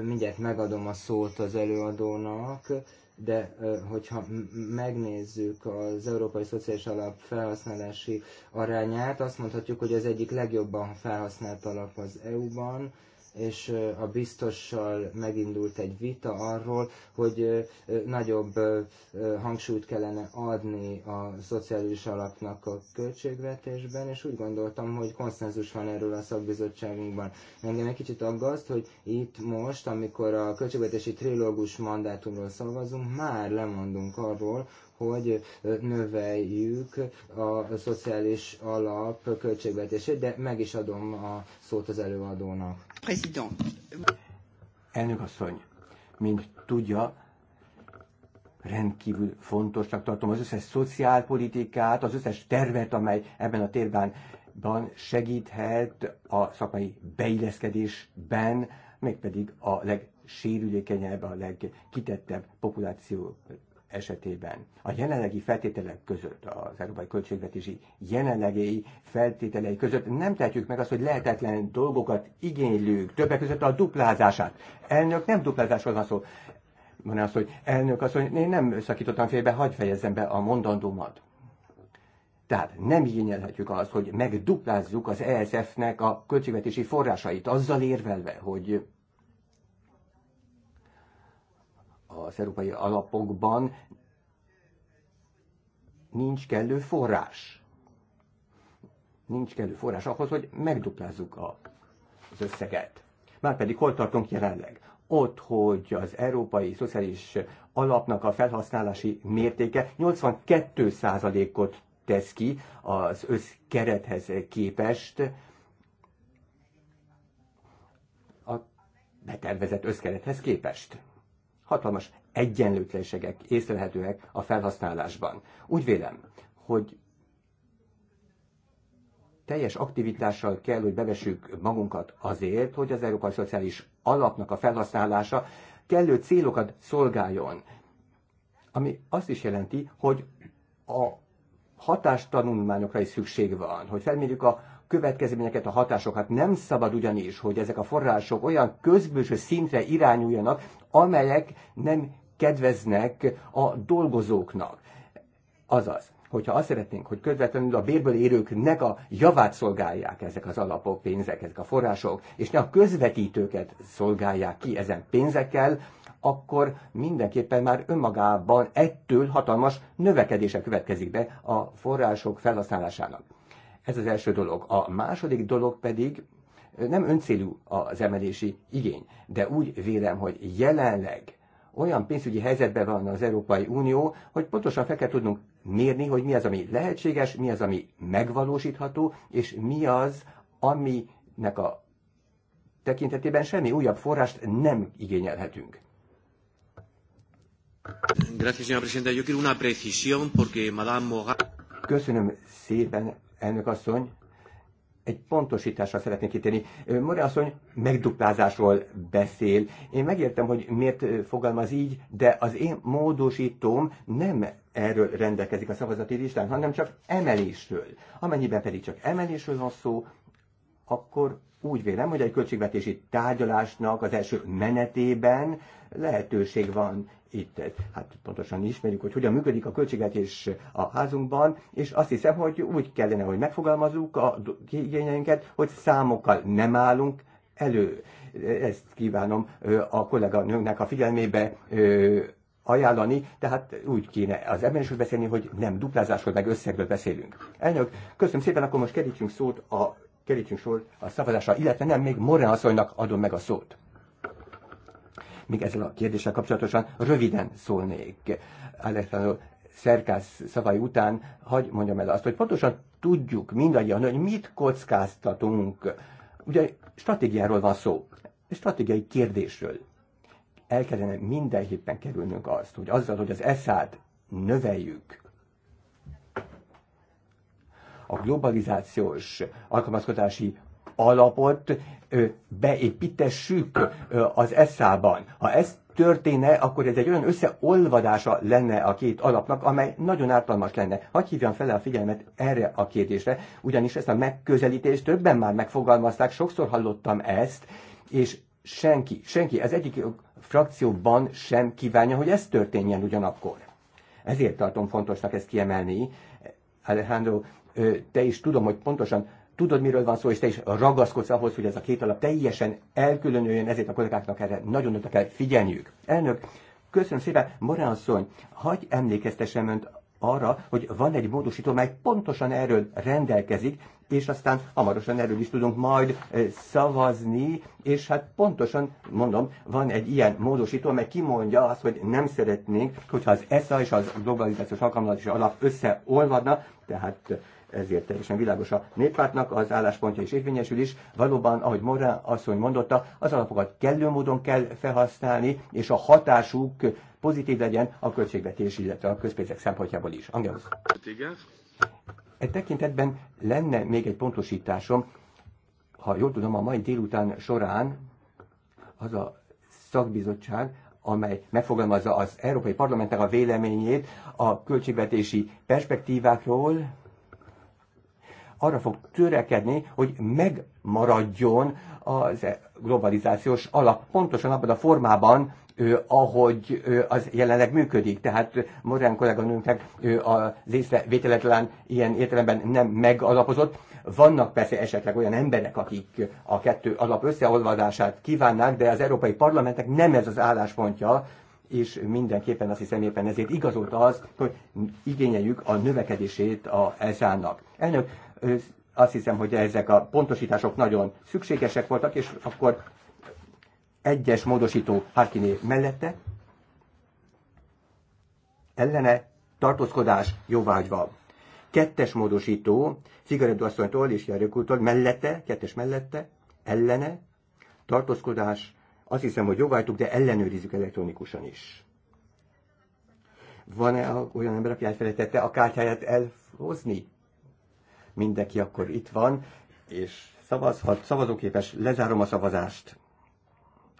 mindjárt megadom a szót az előadónak, de hogyha megnézzük az Európai Szociális Alap felhasználási arányát, azt mondhatjuk, hogy az egyik legjobban felhasznált alap az EU-ban, és a biztossal megindult egy vita arról, hogy nagyobb hangsúlyt kellene adni a szociális alapnak a költségvetésben, és úgy gondoltam, hogy konszenzus van erről a szakbizottságunkban. Engem egy kicsit aggaszt, hogy itt most, amikor a költségvetési trilógus mandátumról szavazunk, már lemondunk arról, hogy növeljük a szociális alap költségvetését, de meg is adom a szót az előadónak. President. Elnök asszony, mint tudja, rendkívül fontosnak tartom az összes szociálpolitikát, az összes tervet, amely ebben a térben segíthet a szakmai beilleszkedésben, mégpedig a legsérülékenyebb, a legkitettebb populáció esetében a jelenlegi feltételek között, az európai költségvetési jelenlegi feltételei között nem tehetjük meg azt, hogy lehetetlen dolgokat igénylők, többek között a duplázását. Elnök nem duplázásról van szó, Van az, hogy elnök azt, hogy én nem szakítottam félbe, hagyj fejezzem be a mondandómat. Tehát nem igényelhetjük azt, hogy megduplázzuk az ESF-nek a költségvetési forrásait, azzal érvelve, hogy az európai alapokban nincs kellő forrás. Nincs kellő forrás ahhoz, hogy megduplázzuk a, az összeget. Márpedig hol tartunk jelenleg? Ott, hogy az Európai Szociális Alapnak a felhasználási mértéke 82%-ot tesz ki az összkerethez képest, a betervezett összkerethez képest hatalmas egyenlőtlenségek észlelhetőek a felhasználásban. Úgy vélem, hogy teljes aktivitással kell, hogy bevessük magunkat azért, hogy az Európai Szociális Alapnak a felhasználása kellő célokat szolgáljon. Ami azt is jelenti, hogy a hatástanulmányokra is szükség van, hogy felmérjük a következményeket, a hatásokat. Hát nem szabad ugyanis, hogy ezek a források olyan közbőső szintre irányuljanak, amelyek nem kedveznek a dolgozóknak. Azaz, hogyha azt szeretnénk, hogy közvetlenül a bérből érőknek a javát szolgálják ezek az alapok, pénzek, ezek a források, és ne a közvetítőket szolgálják ki ezen pénzekkel, akkor mindenképpen már önmagában ettől hatalmas növekedése következik be a források felhasználásának. Ez az első dolog. A második dolog pedig nem öncélú az emelési igény, de úgy vélem, hogy jelenleg olyan pénzügyi helyzetben van az Európai Unió, hogy pontosan fel kell tudnunk mérni, hogy mi az, ami lehetséges, mi az, ami megvalósítható, és mi az, aminek a tekintetében semmi újabb forrást nem igényelhetünk. Yo quiero una precisión porque Madame Köszönöm szépen, elnök asszony, egy pontosításra szeretnék kitérni. More asszony megduplázásról beszél. Én megértem, hogy miért fogalmaz így, de az én módosítóm nem erről rendelkezik a szavazati listán, hanem csak emelésről. Amennyiben pedig csak emelésről van szó, akkor úgy vélem, hogy egy költségvetési tárgyalásnak az első menetében lehetőség van itt. Hát pontosan ismerjük, hogy hogyan működik a költségvetés a házunkban, és azt hiszem, hogy úgy kellene, hogy megfogalmazzuk a igényeinket, hogy számokkal nem állunk elő. Ezt kívánom a kolléganőnknek a figyelmébe ajánlani, tehát úgy kéne az emelésről beszélni, hogy nem duplázásról, meg összegről beszélünk. Elnök, köszönöm szépen, akkor most kerítsünk szót a kerítsünk sor a szavazásra, illetve nem, még Morán asszonynak adom meg a szót. Még ezzel a kérdéssel kapcsolatosan röviden szólnék. Alejandro Szerkász szavai után, hogy mondjam el azt, hogy pontosan tudjuk mindannyian, hogy mit kockáztatunk. Ugye stratégiáról van szó, stratégiai kérdésről. El kellene mindenképpen kerülnünk azt, hogy azzal, hogy az eszát növeljük, a globalizációs alkalmazkodási alapot beépítessük az ESZÁ-ban. Ha ez történne, akkor ez egy olyan összeolvadása lenne a két alapnak, amely nagyon ártalmas lenne. Hagy hívjam fel a figyelmet erre a kérdésre, ugyanis ezt a megközelítést többen már megfogalmazták, sokszor hallottam ezt, és senki, senki, ez egyik frakcióban sem kívánja, hogy ez történjen ugyanakkor. Ezért tartom fontosnak ezt kiemelni. Alejandro te is tudom, hogy pontosan tudod, miről van szó, és te is ragaszkodsz ahhoz, hogy ez a két alap teljesen elkülönüljön, ezért a kollégáknak erre nagyon oda kell figyelniük. Elnök, köszönöm szépen, Morán asszony, hagyj emlékeztessem önt arra, hogy van egy módosító, mely pontosan erről rendelkezik, és aztán hamarosan erről is tudunk majd szavazni, és hát pontosan, mondom, van egy ilyen módosító, mely kimondja azt, hogy nem szeretnénk, hogyha az ESA és az globalizációs alkalmazási alap összeolvadna, tehát ezért teljesen világos a néppártnak, az álláspontja is érvényesül is. Valóban, ahogy Morán asszony mondotta, az alapokat kellő módon kell felhasználni, és a hatásuk pozitív legyen a költségvetés, illetve a közpénzek szempontjából is. Angelus. E tekintetben lenne még egy pontosításom, ha jól tudom, a mai délután során az a szakbizottság, amely megfogalmazza az Európai Parlamentnek a véleményét a költségvetési perspektívákról, arra fog törekedni, hogy megmaradjon az e- globalizációs alap pontosan abban a formában, ahogy az jelenleg működik. Tehát Morán kolléganőnknek az vételetlen ilyen értelemben nem megalapozott. Vannak persze esetleg olyan emberek, akik a kettő alap összeolvadását kívánnák, de az Európai Parlamentnek nem ez az álláspontja, és mindenképpen azt hiszem éppen ezért igazolt az, hogy igényeljük a növekedését a ezának. Elnök, azt hiszem, hogy ezek a pontosítások nagyon szükségesek voltak, és akkor egyes módosító Harkiné mellette ellene tartózkodás jóvágyva. Kettes módosító Figueredo asszonytól és Jarjökultól mellette, kettes mellette, ellene tartózkodás azt hiszem, hogy jóvágytuk, de ellenőrizzük elektronikusan is. Van-e olyan ember, aki elfelejtette a kártyáját elhozni? mindenki akkor itt van, és szavazhat, szavazóképes, lezárom a szavazást.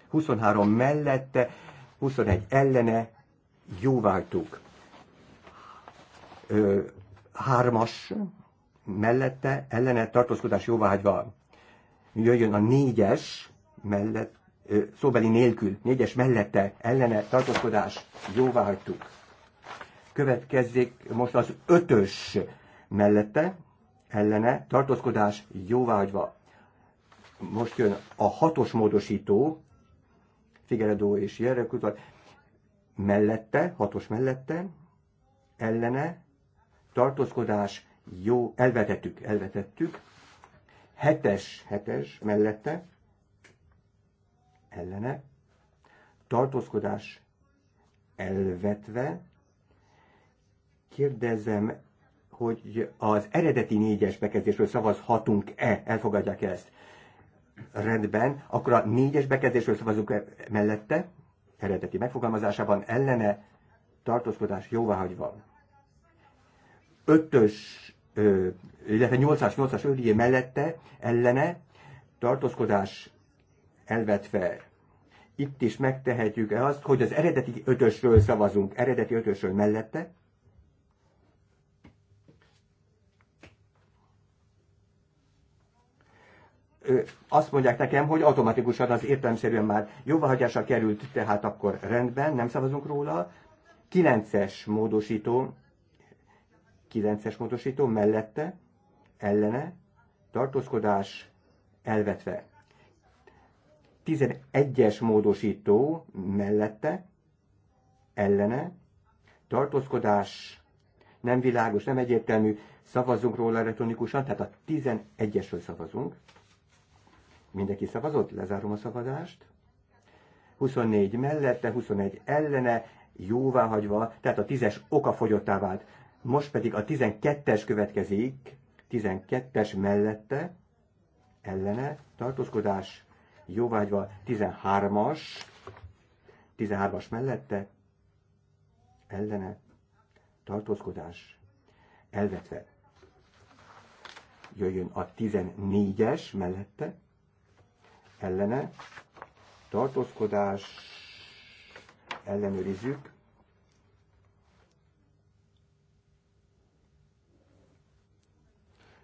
23 mellette, 21 ellene, jóváltuk. Ö, hármas mellette, ellene tartózkodás jóváhagyva. Jöjjön a négyes mellett, ö, szóbeli nélkül, négyes mellette, ellene tartózkodás jóváhagytuk. Következzék most az ötös mellette, ellene tartózkodás jóváhagyva. Most jön a hatos módosító, Figueredo és Jerek utal, mellette, hatos mellette, ellene tartózkodás jó, elvetettük, elvetettük, hetes, hetes mellette, ellene, tartózkodás elvetve, kérdezem hogy az eredeti négyes bekezdésről szavazhatunk-e, elfogadják -e ezt? Rendben, akkor a négyes bekezdésről szavazunk -e mellette, eredeti megfogalmazásában ellene tartózkodás jóváhagyva. Ötös, ö, illetve nyolcas, as 8 mellette ellene tartózkodás elvetve. Itt is megtehetjük -e azt, hogy az eredeti ötösről szavazunk, eredeti ötösről mellette, azt mondják nekem, hogy automatikusan az értelemszerűen már jóváhagyásra került, tehát akkor rendben, nem szavazunk róla. 9-es módosító, 9-es módosító mellette, ellene, tartózkodás elvetve. 11-es módosító mellette, ellene, tartózkodás nem világos, nem egyértelmű, szavazunk róla retonikusan, tehát a 11-esről szavazunk. Mindenki szavazott? Lezárom a szavazást. 24 mellette, 21 ellene, jóváhagyva, tehát a 10-es fogyottá vált. Most pedig a 12-es következik, 12-es mellette, ellene, tartózkodás, hagyva, 13-as, 13-as mellette, ellene, tartózkodás, elvetve. Jöjjön a 14-es mellette, ellene, tartózkodás, ellenőrizzük.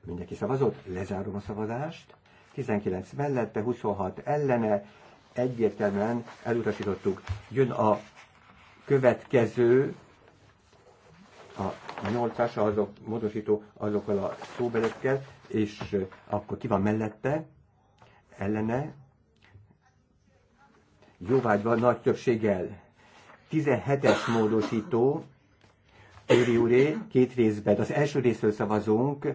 Mindenki szavazott, lezárom a szavazást. 19 mellette, 26 ellene, egyértelműen elutasítottuk. Jön a következő, a nyolcas, azok módosító azokkal a szóbelekkel, és eh, akkor ki van mellette, ellene, jóvágyva nagy többséggel. 17-es módosító, Őri úré, két részben. Az első részről szavazunk,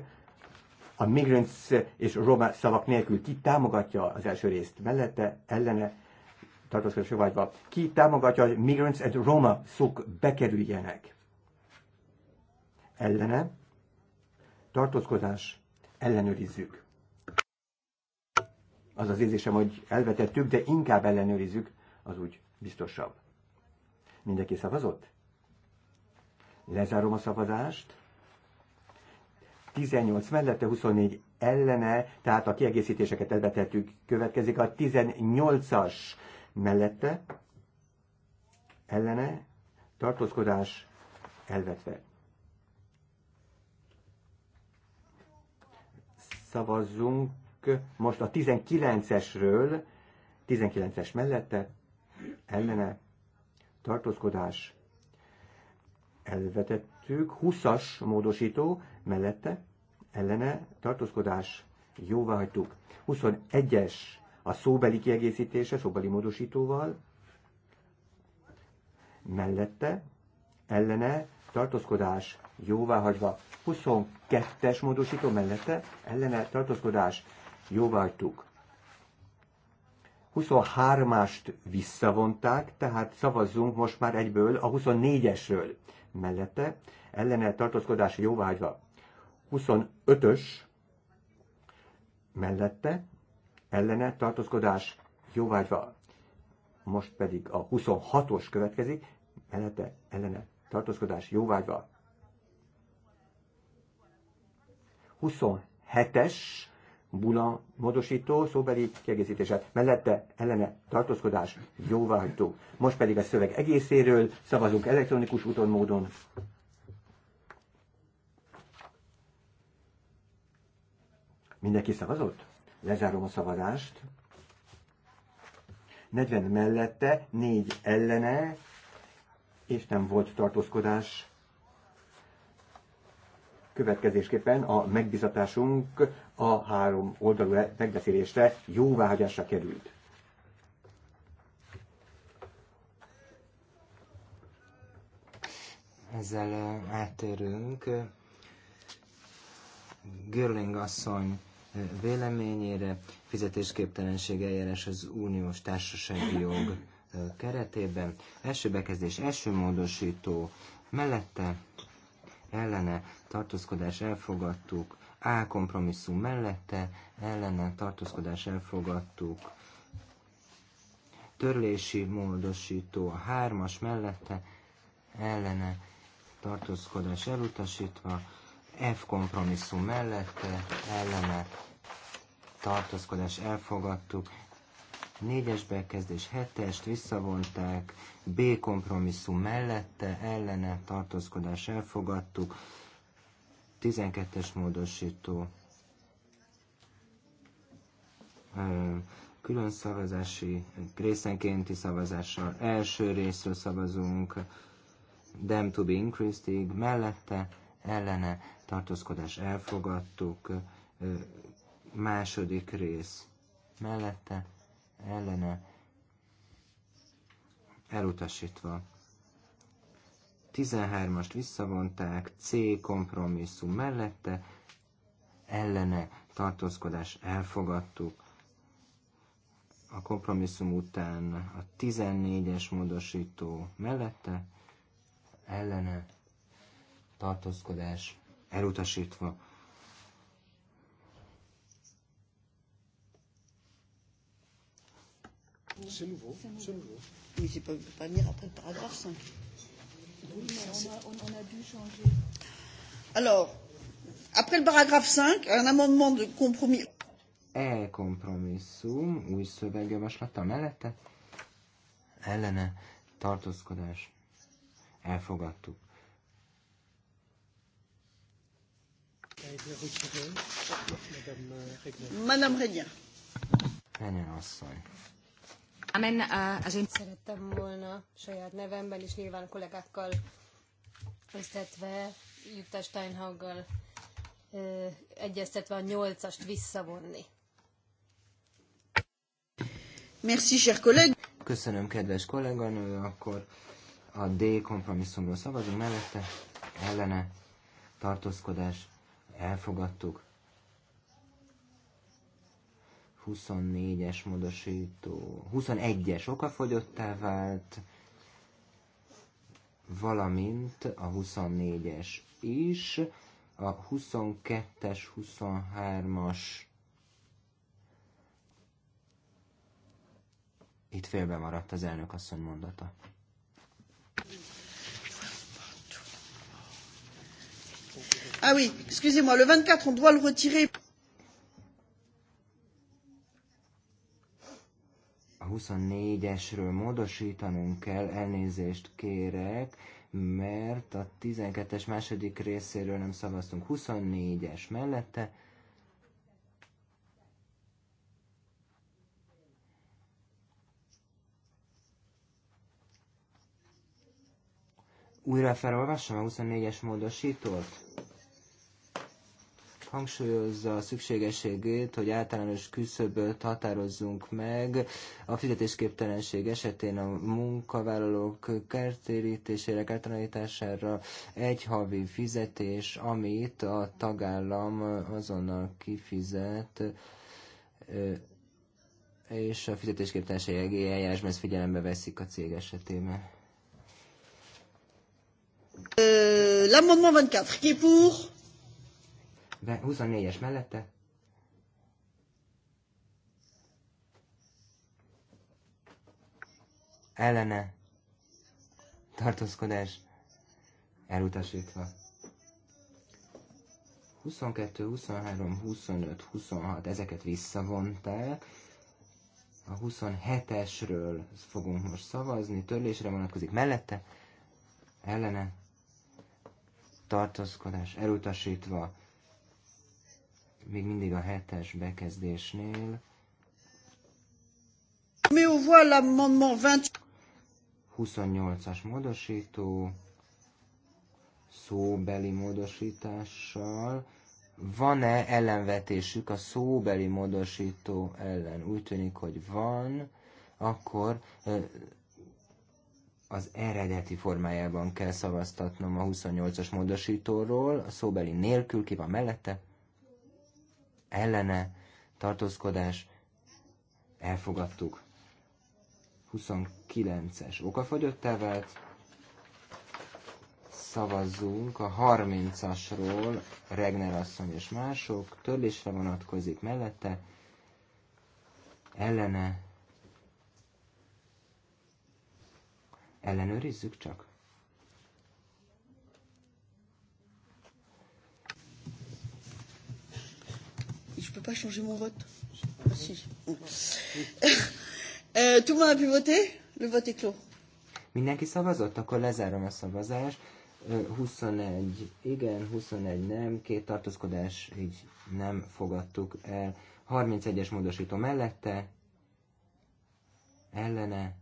a migrants és roma szavak nélkül. Ki támogatja az első részt? Mellette, ellene, tartózkodás jóvágyva. Ki támogatja, hogy migrants and roma szók bekerüljenek? Ellene, tartózkodás, ellenőrizzük. Az az érzésem, hogy elvetettük, de inkább ellenőrizzük az úgy biztosabb. Mindenki szavazott? Lezárom a szavazást. 18 mellette, 24 ellene, tehát a kiegészítéseket elbetettük. Következik a 18-as mellette, ellene, tartózkodás elvetve. Szavazzunk most a 19-esről, 19-es mellette, ellene tartózkodás elvetettük, 20-as módosító mellette ellene tartózkodás jóvá hagytuk. 21-es a szóbeli kiegészítése, szóbeli módosítóval mellette ellene tartózkodás jóváhagyva. 22-es módosító mellette ellene tartózkodás hagytuk. 23-ást visszavonták, tehát szavazzunk most már egyből a 24-esről. Mellette ellene tartózkodása jóvágyva 25-ös, mellette ellene tartózkodás jóvágyva. Most pedig a 26-os következik, mellette ellene tartózkodás jóvágyva. 27-es, Bula módosító szóbeli kiegészítése mellette ellene tartózkodás jóváhagytó. Most pedig a szöveg egészéről szavazunk elektronikus úton módon. Mindenki szavazott? Lezárom a szavazást. 40 mellette, 4 ellene, és nem volt tartózkodás. Következésképpen a megbizatásunk a három oldalú megbeszélésre jóváhagyásra került. Ezzel áttérünk Görling asszony véleményére, fizetésképtelenség eljárás az uniós társasági jog keretében. Első bekezdés, első módosító, mellette, ellene tartózkodás elfogadtuk, A kompromisszum mellette, ellene tartózkodás elfogadtuk, törlési módosító a hármas mellette, ellene tartózkodás elutasítva, F kompromisszum mellette, ellene tartózkodás elfogadtuk, négyes bekezdés hetest visszavonták, B kompromisszum mellette, ellene tartózkodás elfogadtuk, 12-es módosító. Külön szavazási, részenkénti szavazással. Első részről szavazunk. Them to be increased mellette, ellene, tartózkodás elfogadtuk. Második rész mellette, ellene, elutasítva. 13-ast visszavonták, C kompromisszum mellette, ellene tartózkodás elfogadtuk. A kompromisszum után a 14-es módosító mellette, ellene tartózkodás elutasítva. C'est nouveau, c'est nouveau. Mais c'est pas, pas venir après le paragraphe 5. Alors, après le paragraphe 5, un amendement de compromis. E kompromisszum, új szövegjavaslata mellette, ellene tartózkodás. Elfogadtuk. Madame euh, Régnier. Régnier asszony. Amen, uh, az én szerettem volna saját nevemben és nyilván a kollégákkal összetve Jutta Steinhauggal egyeztetve a nyolcast visszavonni. Merci, cher collègue. Köszönöm, kedves kolléganő, akkor a D kompromisszumról szavazunk mellette, ellene tartózkodás, elfogadtuk. 24-es módosító, 21-es okafogyottá vált, valamint a 24-es is, a 22-es, 23-as Itt félbe maradt az elnök asszony mondata. Ah oui, excusez-moi, le 24, on doit le retirer. 24-esről módosítanunk kell, elnézést kérek, mert a 12-es második részéről nem szavaztunk. 24-es mellette. Újra felolvassam a 24-es módosítót? hangsúlyozza a szükségességét, hogy általános küszöböt határozzunk meg a fizetésképtelenség esetén a munkavállalók kertérítésére, kártalanítására egy havi fizetés, amit a tagállam azonnal kifizet és a fizetésképtelenségi eljárásban ezt figyelembe veszik a cég esetében. Euh, l'amendement 24, qui est pour? be, 24-es mellette, ellene, tartózkodás, elutasítva. 22, 23, 25, 26, ezeket visszavonták. A 27-esről fogunk most szavazni, törlésre vonatkozik mellette, ellene, tartózkodás elutasítva, még mindig a hetes bekezdésnél. Mi on 28-as módosító szóbeli módosítással. Van-e ellenvetésük a szóbeli módosító ellen? Úgy tűnik, hogy van, akkor az eredeti formájában kell szavaztatnom a 28-as módosítóról, a szóbeli nélkül ki van mellette, ellene tartózkodás elfogadtuk. 29-es okafogyottá vált. Szavazzunk a 30-asról, Regner asszony és mások, törlésre vonatkozik mellette, ellene ellenőrizzük csak. Je ne peux pas changer mon vote. Ah, si. euh, tout le monde a pu voter Le vote est clos. Mindenki szavazott? Akkor lezárom a szavazás. 21 igen, 21 nem, két tartózkodás, így nem fogadtuk el. 31-es módosító mellette, ellene,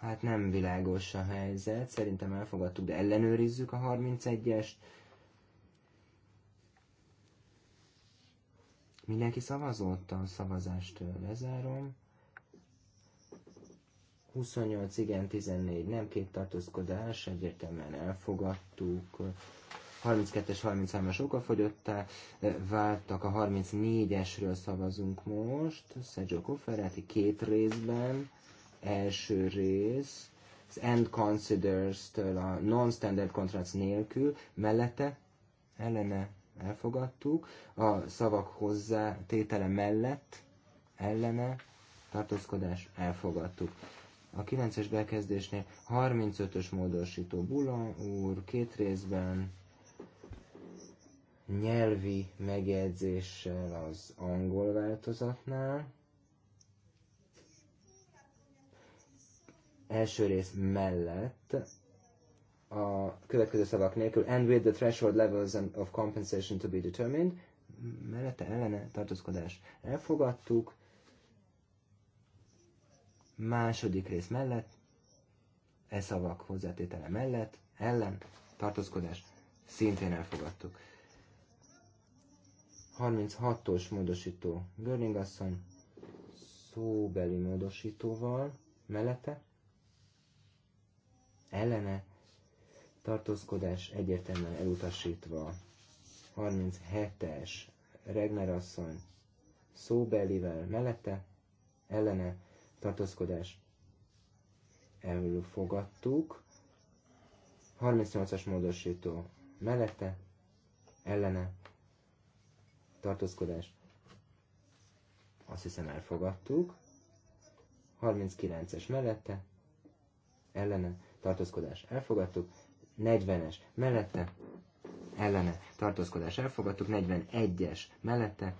Hát nem világos a helyzet, szerintem elfogadtuk, de ellenőrizzük a 31-est. Mindenki szavazott, a szavazást lezárom. 28 igen, 14 nem, két tartózkodás, egyértelműen elfogadtuk. 32-es, 33-as fogyottá, váltak, a 34-esről szavazunk most, Szedzsó Kofferáti két részben, első rész, az End Considers-től a Non-Standard Contracts nélkül, mellette ellene elfogadtuk, a szavak hozzá tétele mellett, ellene, tartózkodás, elfogadtuk. A 9-es bekezdésnél 35-ös módosító Bula úr két részben nyelvi megjegyzéssel az angol változatnál. Első rész mellett a következő szavak nélkül and with the threshold levels of compensation to be determined mellette ellene tartózkodás elfogadtuk második rész mellett e szavak hozzátétele mellett ellen tartózkodás szintén elfogadtuk 36-os módosító Görling asszony szóbeli módosítóval mellette ellene tartózkodás egyértelműen elutasítva. 37-es Regner asszony szóbelivel mellette, ellene tartózkodás elfogadtuk. 38-as módosító mellette, ellene tartózkodás azt hiszem elfogadtuk. 39-es mellette, ellene tartózkodás elfogadtuk. 40-es mellette, ellene tartózkodás elfogadtuk, 41-es mellette,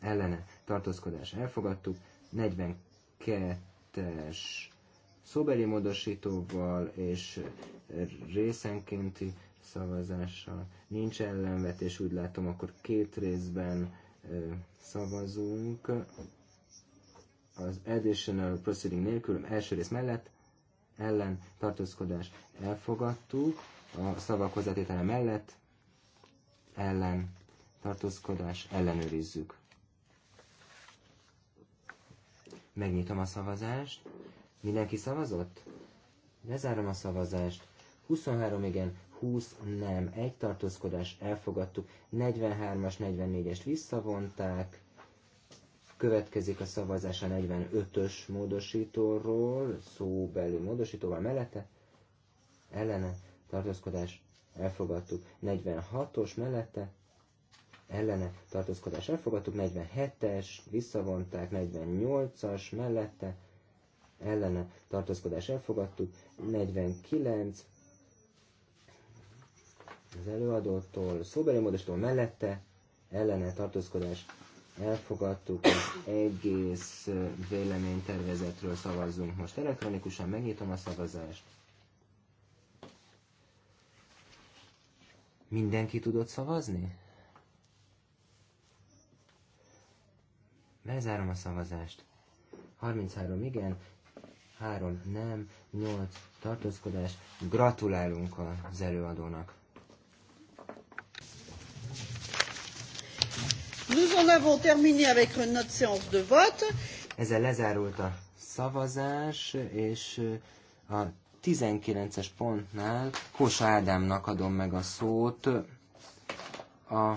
ellene tartózkodás elfogadtuk, 42-es szóbeli módosítóval és részenkénti szavazással nincs ellenvetés, úgy látom, akkor két részben szavazunk az additional proceeding nélkül, első rész mellett ellen tartózkodás elfogadtuk, a szavak hozzátétele mellett ellen tartózkodás ellenőrizzük. Megnyitom a szavazást. Mindenki szavazott? Lezárom a szavazást. 23 igen, 20 nem, egy tartózkodás elfogadtuk, 43-as, 44-est visszavonták, Következik a szavazás a 45-ös módosítóról, szóbeli módosítóval mellette, ellene, tartózkodás, elfogadtuk. 46-os mellette, ellene, tartózkodás, elfogadtuk. 47-es, visszavonták, 48-as mellette, ellene, tartózkodás, elfogadtuk. 49 az előadótól, szóbeli módosítóval mellette, ellene, tartózkodás, elfogadtuk, az egész véleménytervezetről szavazzunk most elektronikusan, megnyitom a szavazást. Mindenki tudott szavazni? Bezárom a szavazást. 33 igen, 3 nem, 8 tartózkodás. Gratulálunk az előadónak! Nous en avons terminé avec notre séance de vote. Ezzel lezárult a szavazás, és a 19-es pontnál Kósa Ádámnak adom meg a szót a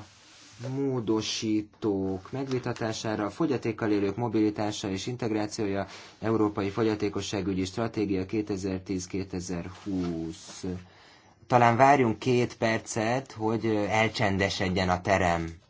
módosítók megvitatására, a fogyatékkal élők mobilitása és integrációja, Európai Fogyatékosságügyi Stratégia 2010-2020. Talán várjunk két percet, hogy elcsendesedjen a terem.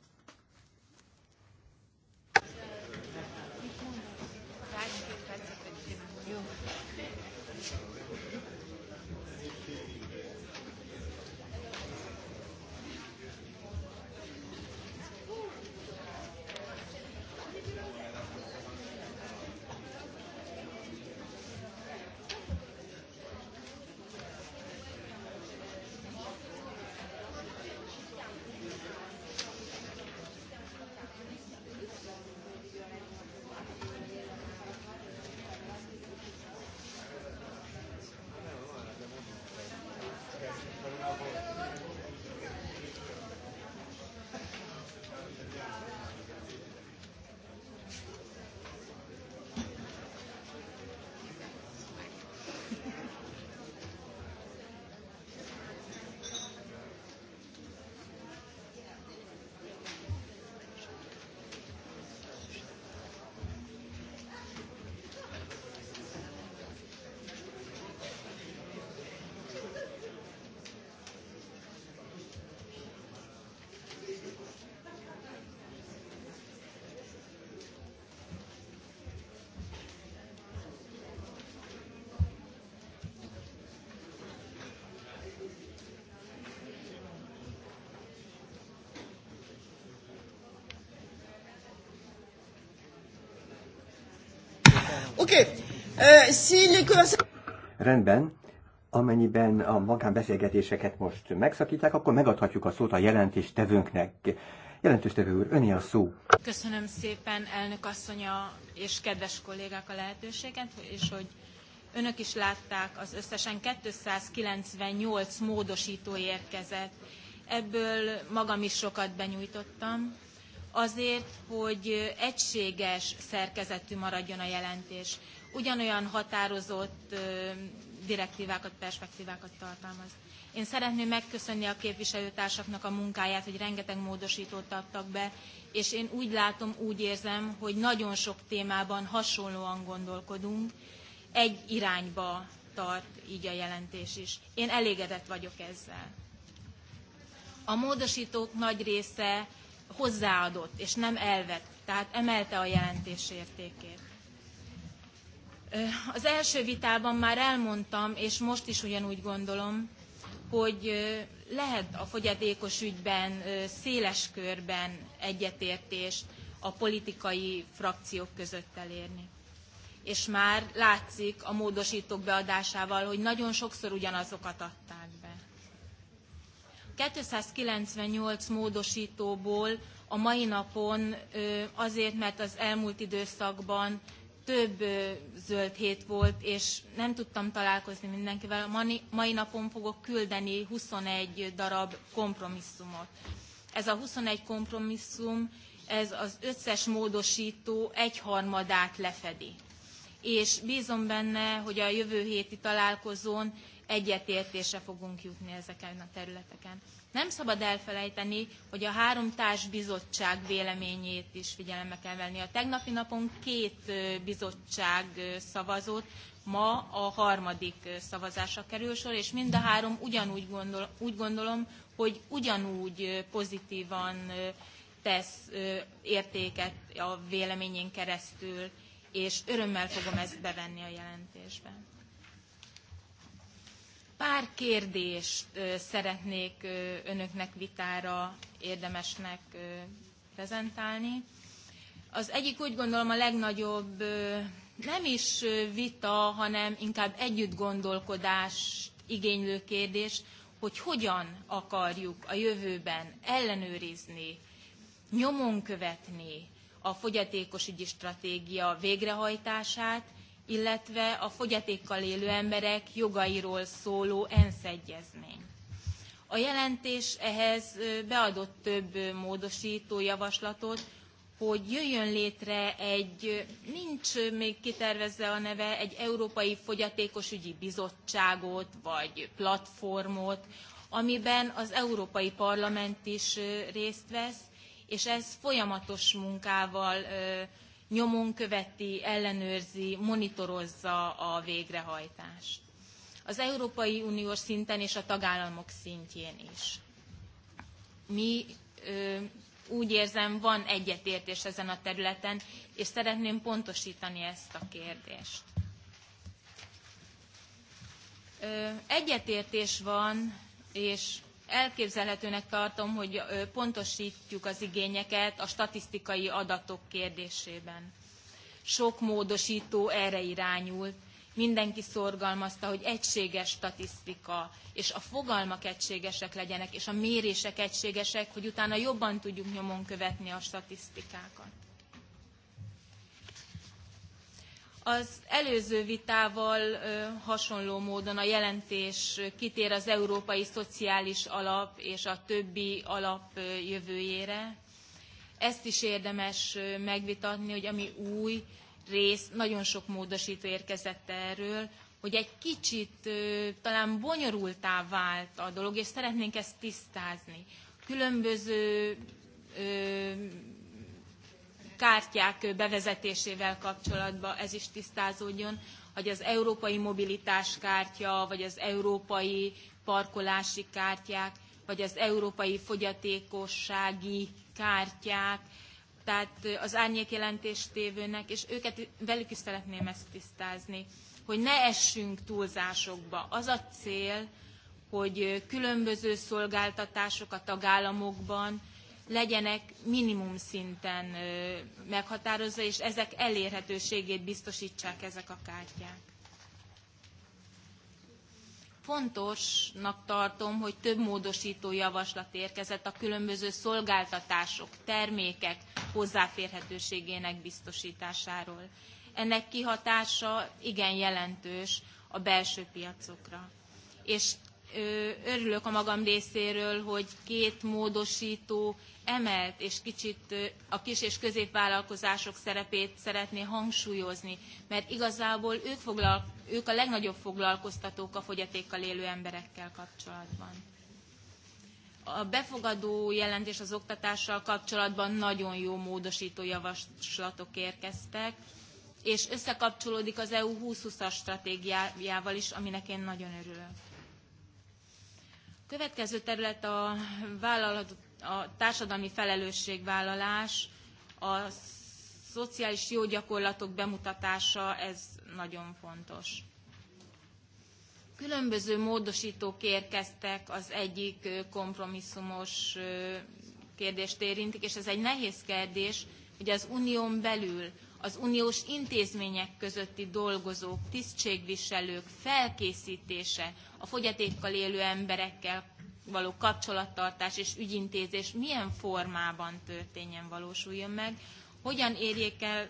Rendben, amennyiben a magánbeszélgetéseket most megszakítják, akkor megadhatjuk a szót a jelentéstevőnknek. Jelentéstevő úr, öné a szó. Köszönöm szépen, elnök asszonya és kedves kollégák a lehetőséget, és hogy önök is látták, az összesen 298 módosító érkezett. Ebből magam is sokat benyújtottam, azért, hogy egységes szerkezetű maradjon a jelentés ugyanolyan határozott direktívákat, perspektívákat tartalmaz. Én szeretném megköszönni a képviselőtársaknak a munkáját, hogy rengeteg módosítót adtak be, és én úgy látom, úgy érzem, hogy nagyon sok témában hasonlóan gondolkodunk, egy irányba tart így a jelentés is. Én elégedett vagyok ezzel. A módosítók nagy része hozzáadott, és nem elvett, tehát emelte a jelentés értékét. Az első vitában már elmondtam, és most is ugyanúgy gondolom, hogy lehet a fogyatékos ügyben széles körben egyetértést a politikai frakciók között elérni. És már látszik a módosítók beadásával, hogy nagyon sokszor ugyanazokat adták be. 298 módosítóból a mai napon azért, mert az elmúlt időszakban több zöld hét volt, és nem tudtam találkozni mindenkivel. A mai napon fogok küldeni 21 darab kompromisszumot. Ez a 21 kompromisszum, ez az összes módosító egyharmadát lefedi. És bízom benne, hogy a jövő héti találkozón egyetértésre fogunk jutni ezeken a területeken. Nem szabad elfelejteni, hogy a három társ bizottság véleményét is figyelembe kell venni. A tegnapi napon két bizottság szavazott, ma a harmadik szavazásra kerül sor, és mind a három ugyanúgy gondol, úgy gondolom, hogy ugyanúgy pozitívan tesz értéket a véleményén keresztül, és örömmel fogom ezt bevenni a jelentésbe. Pár kérdést szeretnék önöknek vitára érdemesnek prezentálni. Az egyik úgy gondolom a legnagyobb nem is vita, hanem inkább együttgondolkodást igénylő kérdés, hogy hogyan akarjuk a jövőben ellenőrizni, nyomon követni a fogyatékosügyi stratégia végrehajtását, illetve a fogyatékkal élő emberek jogairól szóló ENSZ egyezmény. A jelentés ehhez beadott több módosító javaslatot, hogy jöjjön létre egy, nincs még kitervezve a neve, egy Európai fogyatékos Ügyi Bizottságot vagy platformot, amiben az Európai Parlament is részt vesz, és ez folyamatos munkával nyomon követi, ellenőrzi, monitorozza a végrehajtást. Az Európai Uniós szinten és a tagállamok szintjén is. Mi ö, úgy érzem, van egyetértés ezen a területen, és szeretném pontosítani ezt a kérdést. Egyetértés van, és elképzelhetőnek tartom, hogy pontosítjuk az igényeket a statisztikai adatok kérdésében. Sok módosító erre irányul. Mindenki szorgalmazta, hogy egységes statisztika, és a fogalmak egységesek legyenek, és a mérések egységesek, hogy utána jobban tudjuk nyomon követni a statisztikákat. Az előző vitával hasonló módon a jelentés kitér az Európai Szociális Alap és a többi alap jövőjére. Ezt is érdemes megvitatni, hogy ami új rész, nagyon sok módosító érkezett erről, hogy egy kicsit talán bonyolultá vált a dolog, és szeretnénk ezt tisztázni. Különböző kártyák bevezetésével kapcsolatban ez is tisztázódjon, hogy az európai mobilitáskártya, vagy az európai parkolási kártyák, vagy az európai fogyatékossági kártyák, tehát az árnyékjelentéstévőnek, és őket, velük is szeretném ezt tisztázni, hogy ne essünk túlzásokba. Az a cél, hogy különböző szolgáltatások a tagállamokban legyenek minimum szinten meghatározva, és ezek elérhetőségét biztosítsák ezek a kártyák. Fontosnak tartom, hogy több módosító javaslat érkezett a különböző szolgáltatások, termékek hozzáférhetőségének biztosításáról. Ennek kihatása igen jelentős a belső piacokra. És örülök a magam részéről, hogy két módosító emelt és kicsit a kis és középvállalkozások szerepét szeretné hangsúlyozni, mert igazából ők, foglal, ők a legnagyobb foglalkoztatók a fogyatékkal élő emberekkel kapcsolatban. A befogadó jelentés az oktatással kapcsolatban nagyon jó módosító javaslatok érkeztek, és összekapcsolódik az EU 2020-as stratégiájával is, aminek én nagyon örülök. Következő terület a vállalatok a társadalmi felelősségvállalás, a szociális jó gyakorlatok bemutatása, ez nagyon fontos. Különböző módosítók érkeztek, az egyik kompromisszumos kérdést érintik, és ez egy nehéz kérdés, hogy az unión belül az uniós intézmények közötti dolgozók, tisztségviselők felkészítése a fogyatékkal élő emberekkel való kapcsolattartás és ügyintézés milyen formában történjen, valósuljon meg, hogyan érjék el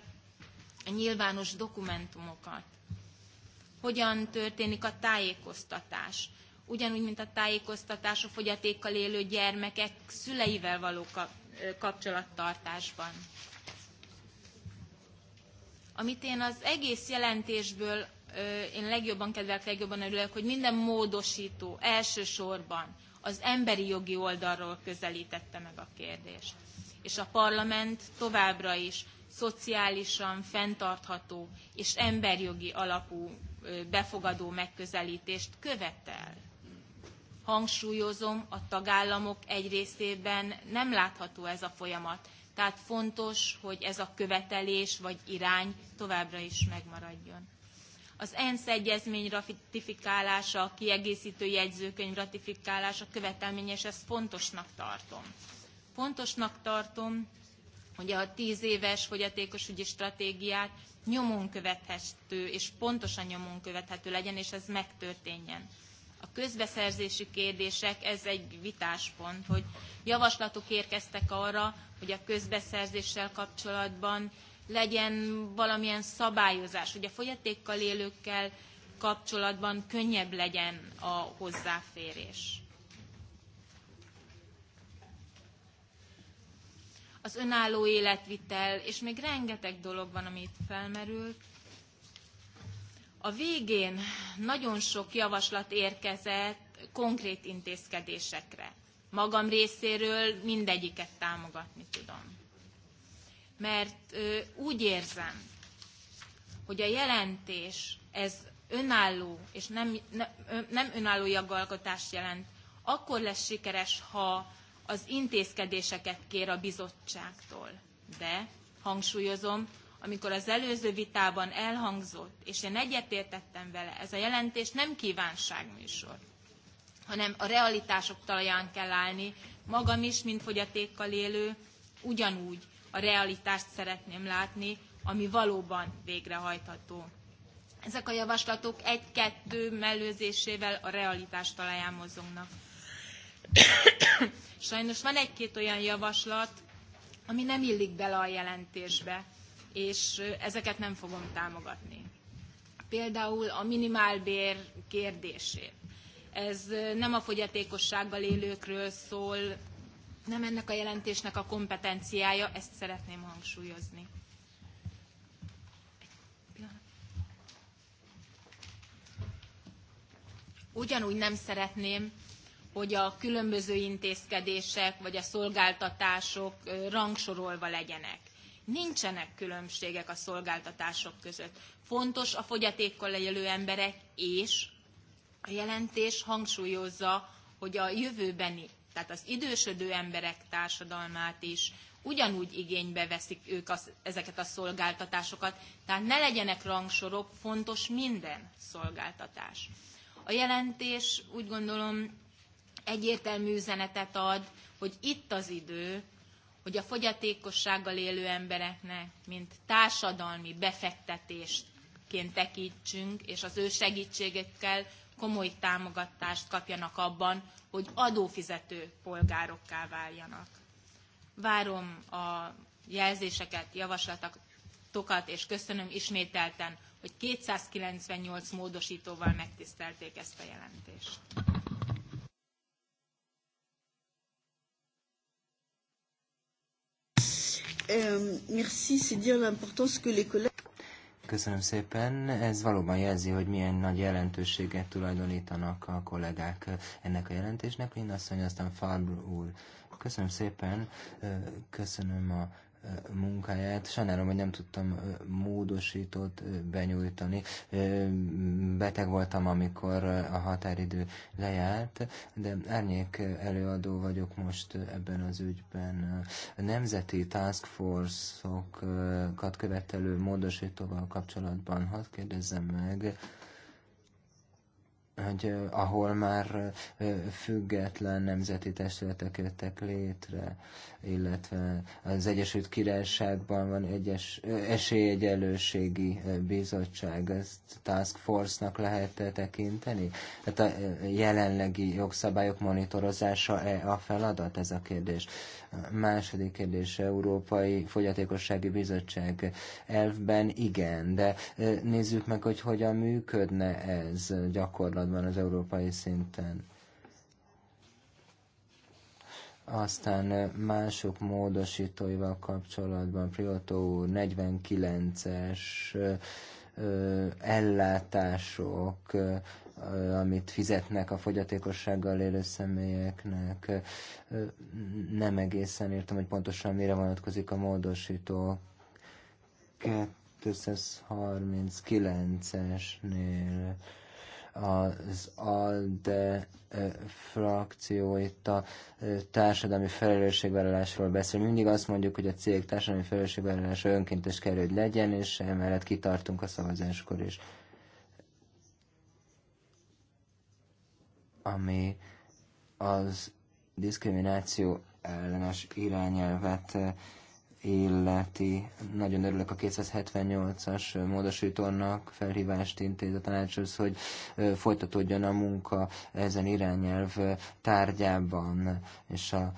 a nyilvános dokumentumokat, hogyan történik a tájékoztatás, ugyanúgy, mint a tájékoztatás a fogyatékkal élő gyermekek szüleivel való kapcsolattartásban. Amit én az egész jelentésből én legjobban kedvelek, legjobban örülök, hogy minden módosító elsősorban az emberi jogi oldalról közelítette meg a kérdést. És a parlament továbbra is szociálisan fenntartható és emberjogi alapú befogadó megközelítést követel. Hangsúlyozom, a tagállamok egy részében nem látható ez a folyamat, tehát fontos, hogy ez a követelés vagy irány továbbra is megmaradjon az ENSZ egyezmény ratifikálása, a kiegészítő jegyzőkönyv ratifikálása követelményes, ezt fontosnak tartom. Fontosnak tartom, hogy a tíz éves fogyatékosügyi stratégiát nyomon követhető és pontosan nyomon követhető legyen, és ez megtörténjen. A közbeszerzési kérdések, ez egy vitáspont, hogy javaslatok érkeztek arra, hogy a közbeszerzéssel kapcsolatban legyen valamilyen szabályozás, hogy a fogyatékkal élőkkel kapcsolatban könnyebb legyen a hozzáférés. Az önálló életvitel, és még rengeteg dolog van, ami itt felmerült. A végén nagyon sok javaslat érkezett konkrét intézkedésekre. Magam részéről mindegyiket támogatni tudom mert úgy érzem, hogy a jelentés ez önálló és nem, nem önálló jogalkotást jelent, akkor lesz sikeres, ha az intézkedéseket kér a bizottságtól. De, hangsúlyozom, amikor az előző vitában elhangzott, és én egyetértettem vele, ez a jelentés nem kívánságműsor, hanem a realitások talaján kell állni, magam is, mint fogyatékkal élő, ugyanúgy, a realitást szeretném látni, ami valóban végrehajtható. Ezek a javaslatok egy-kettő mellőzésével a realitást talaján mozognak. Sajnos van egy-két olyan javaslat, ami nem illik bele a jelentésbe, és ezeket nem fogom támogatni. Például a minimálbér kérdését. Ez nem a fogyatékossággal élőkről szól, nem ennek a jelentésnek a kompetenciája, ezt szeretném hangsúlyozni. Ugyanúgy nem szeretném, hogy a különböző intézkedések vagy a szolgáltatások rangsorolva legyenek. Nincsenek különbségek a szolgáltatások között. Fontos a fogyatékkal élő emberek, és a jelentés hangsúlyozza, hogy a jövőbeni tehát az idősödő emberek társadalmát is, ugyanúgy igénybe veszik ők az, ezeket a szolgáltatásokat, tehát ne legyenek rangsorok, fontos minden szolgáltatás. A jelentés úgy gondolom egyértelmű üzenetet ad, hogy itt az idő, hogy a fogyatékossággal élő embereknek, mint társadalmi befektetést ként tekintsünk, és az ő segítségekkel komoly támogatást kapjanak abban, hogy adófizető polgárokká váljanak. Várom a jelzéseket, javaslatokat, és köszönöm ismételten, hogy 298 módosítóval megtisztelték ezt a jelentést. Euh, merci, c'est dire l'importance que les collègues... Köszönöm szépen. Ez valóban jelzi, hogy milyen nagy jelentőséget tulajdonítanak a kollégák ennek a jelentésnek. Én azt mondja, aztán Farbr úr. Köszönöm szépen, köszönöm a munkáját. Sajnálom, hogy nem tudtam módosítót benyújtani. Beteg voltam, amikor a határidő lejárt, de árnyék előadó vagyok most ebben az ügyben. A nemzeti task force-okat követelő módosítóval kapcsolatban hadd kérdezzem meg, hogy ahol már független nemzeti testületek jöttek létre, illetve az Egyesült Királyságban van egyes, esélyegyelőségi bizottság, ezt Task Force-nak lehet -e tekinteni? Hát a jelenlegi jogszabályok monitorozása -e a feladat, ez a kérdés. Második kérdés, Európai Fogyatékossági Bizottság elvben igen, de nézzük meg, hogy hogyan működne ez gyakorlatban az európai szinten. Aztán mások módosítóival kapcsolatban Prioto 49-es ellátások, amit fizetnek a fogyatékossággal élő személyeknek. Nem egészen értem, hogy pontosan mire vonatkozik a módosító. 239-esnél az ALDE frakció itt a társadalmi felelősségvállalásról beszél. Mindig azt mondjuk, hogy a cég társadalmi felelősségvállalása önkéntes kerül, hogy legyen, és emellett kitartunk a szavazáskor is. ami az diszkrimináció ellenes irányelvet eh, illeti. Nagyon örülök a 278-as módosítónak felhívást intéz a tanácshoz, hogy eh, folytatódjon a munka ezen irányelv eh, tárgyában, és a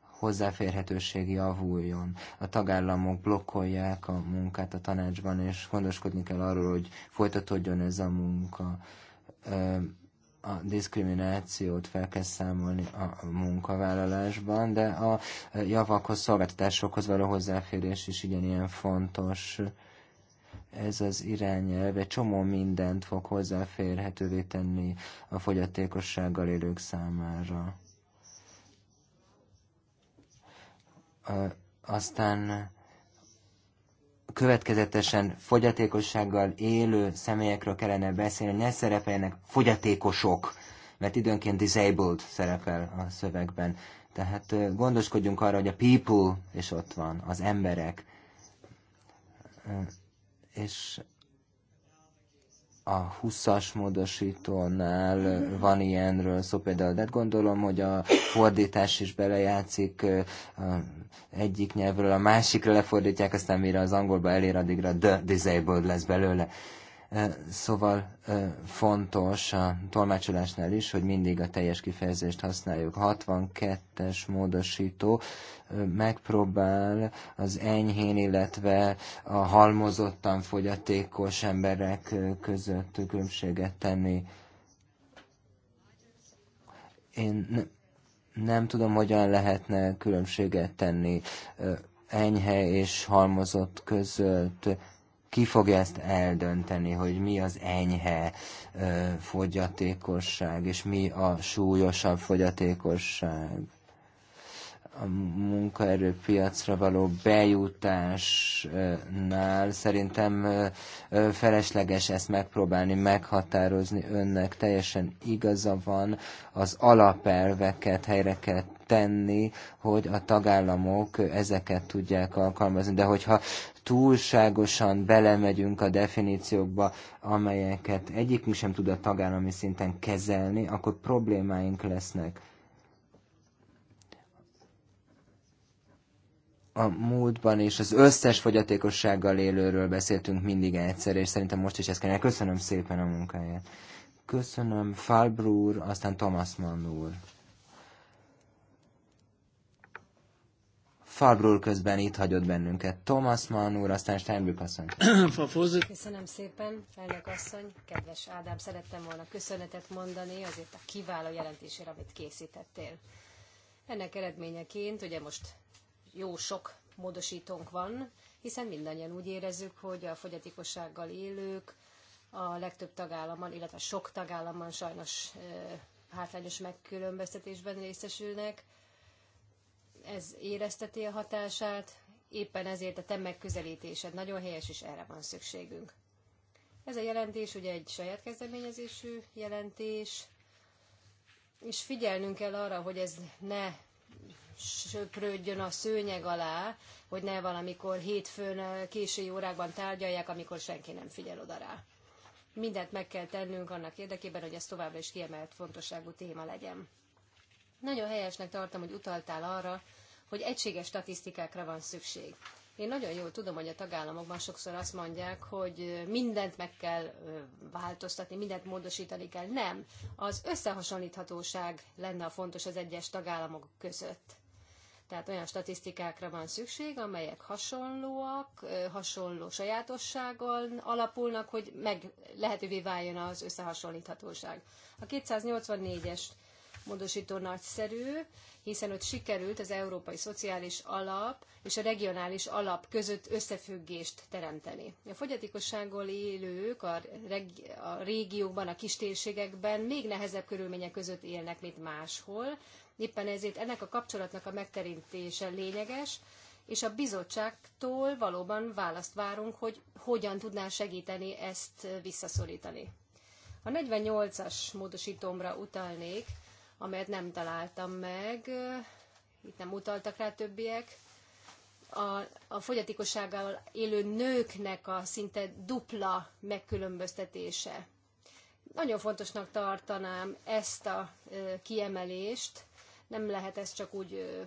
hozzáférhetőség javuljon. A tagállamok blokkolják a munkát a tanácsban, és gondoskodni kell arról, hogy folytatódjon ez a munka a diszkriminációt fel kell számolni a munkavállalásban, de a javakhoz, szolgáltatásokhoz való hozzáférés is ilyen fontos. Ez az irányelv egy csomó mindent fog hozzáférhetővé tenni a fogyatékossággal élők számára. Aztán következetesen fogyatékossággal élő személyekről kellene beszélni, ne szerepeljenek fogyatékosok, mert időnként disabled szerepel a szövegben. Tehát gondoskodjunk arra, hogy a people, és ott van, az emberek. És a 20-as módosítónál van ilyenről szó például, de gondolom, hogy a fordítás is belejátszik, egyik nyelvről a másikra lefordítják, aztán mire az angolba elér, addigra the disabled lesz belőle. Szóval fontos a tolmácsolásnál is, hogy mindig a teljes kifejezést használjuk. 62-es módosító megpróbál az enyhén, illetve a halmozottan fogyatékos emberek között különbséget tenni. Én nem tudom, hogyan lehetne különbséget tenni enyhe és halmozott között ki fogja ezt eldönteni, hogy mi az enyhe fogyatékosság, és mi a súlyosabb fogyatékosság. A munkaerőpiacra való bejutásnál szerintem felesleges ezt megpróbálni meghatározni önnek. Teljesen igaza van, az alapelveket helyre kell tenni, hogy a tagállamok ezeket tudják alkalmazni. De hogyha túlságosan belemegyünk a definíciókba, amelyeket egyikünk sem tud a tagállami szinten kezelni, akkor problémáink lesznek. a múltban és az összes fogyatékossággal élőről beszéltünk mindig egyszer, és szerintem most is ezt kellene. Köszönöm szépen a munkáját. Köszönöm Falbrúr, aztán Thomas Mann úr. Falbr közben itt hagyott bennünket. Thomas Mann úr, aztán Steinbrück asszony. Köszönöm szépen, elnök asszony. Kedves Ádám, szerettem volna köszönetet mondani azért a kiváló jelentésére, amit készítettél. Ennek eredményeként ugye most jó sok módosítónk van, hiszen mindannyian úgy érezzük, hogy a fogyatékossággal élők a legtöbb tagállamban, illetve sok tagállamban sajnos hátrányos megkülönböztetésben részesülnek, ez érezteti a hatását, éppen ezért a te megközelítésed nagyon helyes, és erre van szükségünk. Ez a jelentés ugye egy saját kezdeményezésű jelentés, és figyelnünk kell arra, hogy ez ne söprődjön a szőnyeg alá, hogy ne valamikor hétfőn késői órákban tárgyalják, amikor senki nem figyel oda rá. Mindent meg kell tennünk annak érdekében, hogy ez továbbra is kiemelt fontosságú téma legyen. Nagyon helyesnek tartom, hogy utaltál arra, hogy egységes statisztikákra van szükség. Én nagyon jól tudom, hogy a tagállamokban sokszor azt mondják, hogy mindent meg kell változtatni, mindent módosítani kell. Nem. Az összehasonlíthatóság lenne a fontos az egyes tagállamok között. Tehát olyan statisztikákra van szükség, amelyek hasonlóak, hasonló sajátossággal alapulnak, hogy meg lehetővé váljon az összehasonlíthatóság. A 284-es módosító nagyszerű, hiszen ott sikerült az Európai Szociális Alap és a Regionális Alap között összefüggést teremteni. A fogyatékossággal élők a, reg- a régiókban, a kistérségekben még nehezebb körülmények között élnek, mint máshol. Éppen ezért ennek a kapcsolatnak a megterintése lényeges, és a bizottságtól valóban választ várunk, hogy hogyan tudná segíteni ezt visszaszorítani. A 48-as módosítómra utalnék, amelyet nem találtam meg, itt nem utaltak rá többiek. A, a fogyatékossággal élő nőknek a szinte dupla megkülönböztetése. Nagyon fontosnak tartanám ezt a kiemelést, nem lehet ezt csak úgy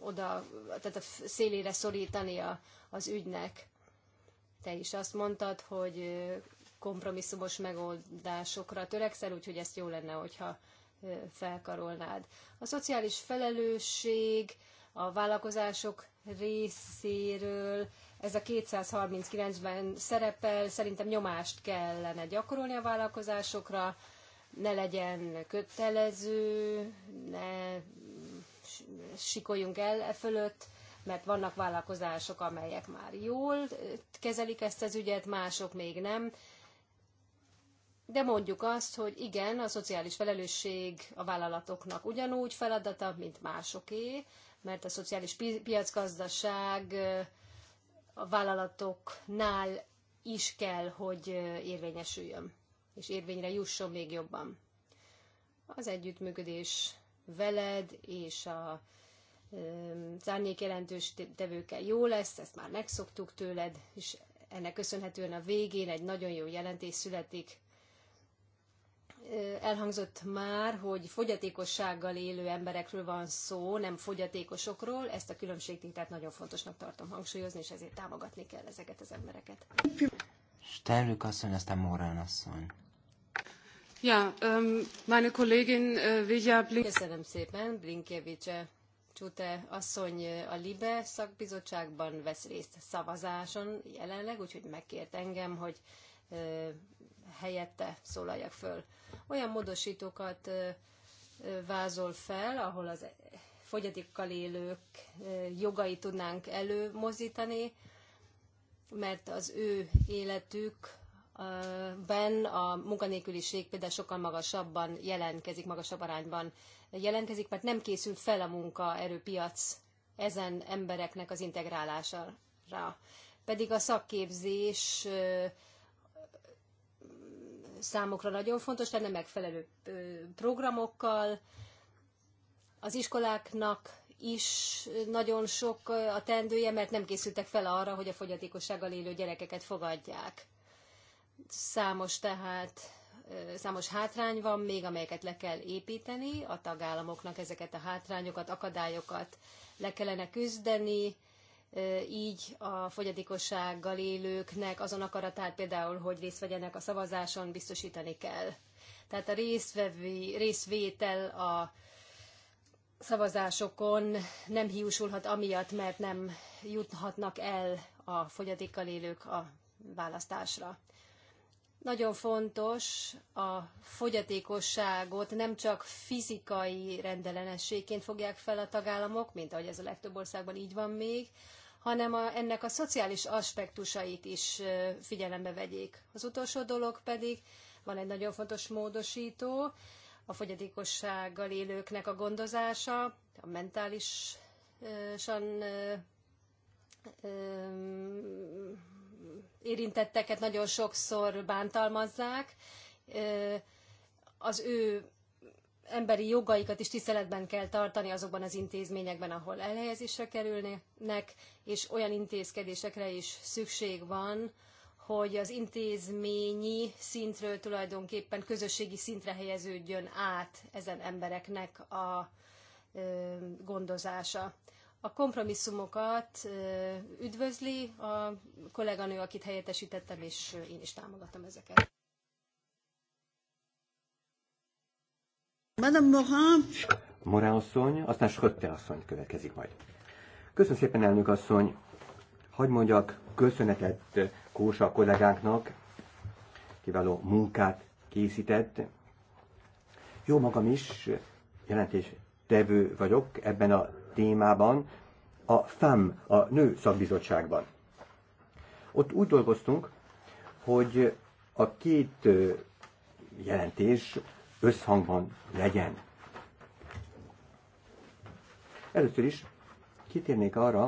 oda, tehát a szélére szorítani a, az ügynek. Te is azt mondtad, hogy kompromisszumos megoldásokra törekszel, úgyhogy ezt jó lenne, hogyha felkarolnád. A szociális felelősség a vállalkozások részéről, ez a 239-ben szerepel, szerintem nyomást kellene gyakorolni a vállalkozásokra, ne legyen kötelező, ne sikoljunk el e fölött, mert vannak vállalkozások, amelyek már jól kezelik ezt az ügyet, mások még nem de mondjuk azt, hogy igen, a szociális felelősség a vállalatoknak ugyanúgy feladata, mint másoké, mert a szociális pi- piacgazdaság a vállalatoknál is kell, hogy érvényesüljön, és érvényre jusson még jobban. Az együttműködés veled és a árnyék jelentős tevőkkel jó lesz, ezt már megszoktuk tőled, és ennek köszönhetően a végén egy nagyon jó jelentés születik, elhangzott már, hogy fogyatékossággal élő emberekről van szó, nem fogyatékosokról. Ezt a különbségtételt nagyon fontosnak tartom hangsúlyozni, és ezért támogatni kell ezeket az embereket. Sterlük asszony, aztán Morán asszony. Ja, um, meine Kollegin uh, äh, Vigya Blink... Köszönöm szépen, Blinkevicse eh, Csute asszony eh, a LIBE szakbizottságban vesz részt szavazáson jelenleg, úgyhogy megkért engem, hogy eh, helyette szólaljak föl. Olyan módosítókat vázol fel, ahol az fogyatékkal élők jogai tudnánk előmozdítani, mert az ő életük ben a munkanélküliség például sokkal magasabban jelentkezik, magasabb arányban jelentkezik, mert nem készül fel a munkaerőpiac ezen embereknek az integrálására. Pedig a szakképzés számukra nagyon fontos lenne megfelelő programokkal. Az iskoláknak is nagyon sok a tendője, mert nem készültek fel arra, hogy a fogyatékossággal élő gyerekeket fogadják. Számos tehát számos hátrány van még, amelyeket le kell építeni, a tagállamoknak ezeket a hátrányokat, akadályokat le kellene küzdeni, így a fogyatékossággal élőknek azon akaratát például, hogy részt vegyenek a szavazáson, biztosítani kell. Tehát a részvevi, részvétel a szavazásokon nem hiúsulhat amiatt, mert nem juthatnak el a fogyatékkal élők a választásra. Nagyon fontos a fogyatékosságot nem csak fizikai rendellenességként fogják fel a tagállamok, mint ahogy ez a legtöbb országban így van még, hanem a, ennek a szociális aspektusait is figyelembe vegyék. Az utolsó dolog pedig, van egy nagyon fontos módosító, a fogyatékossággal élőknek a gondozása, a mentálisan érintetteket nagyon sokszor bántalmazzák, az ő emberi jogaikat is tiszteletben kell tartani azokban az intézményekben, ahol elhelyezésre kerülnek, és olyan intézkedésekre is szükség van, hogy az intézményi szintről tulajdonképpen közösségi szintre helyeződjön át ezen embereknek a gondozása. A kompromisszumokat üdvözli a kolléganő, akit helyettesítettem, és én is támogatom ezeket. Madame Morin. Morin asszony, aztán Schötte asszony következik majd. Köszönöm szépen, elnök asszony. Hagy mondjak köszönetet Kósa kollégánknak, kiváló munkát készített. Jó magam is jelentés tevő vagyok ebben a témában, a FAM, a Nő Szakbizottságban. Ott úgy dolgoztunk, hogy a két jelentés összhangban legyen. Először is kitérnék arra,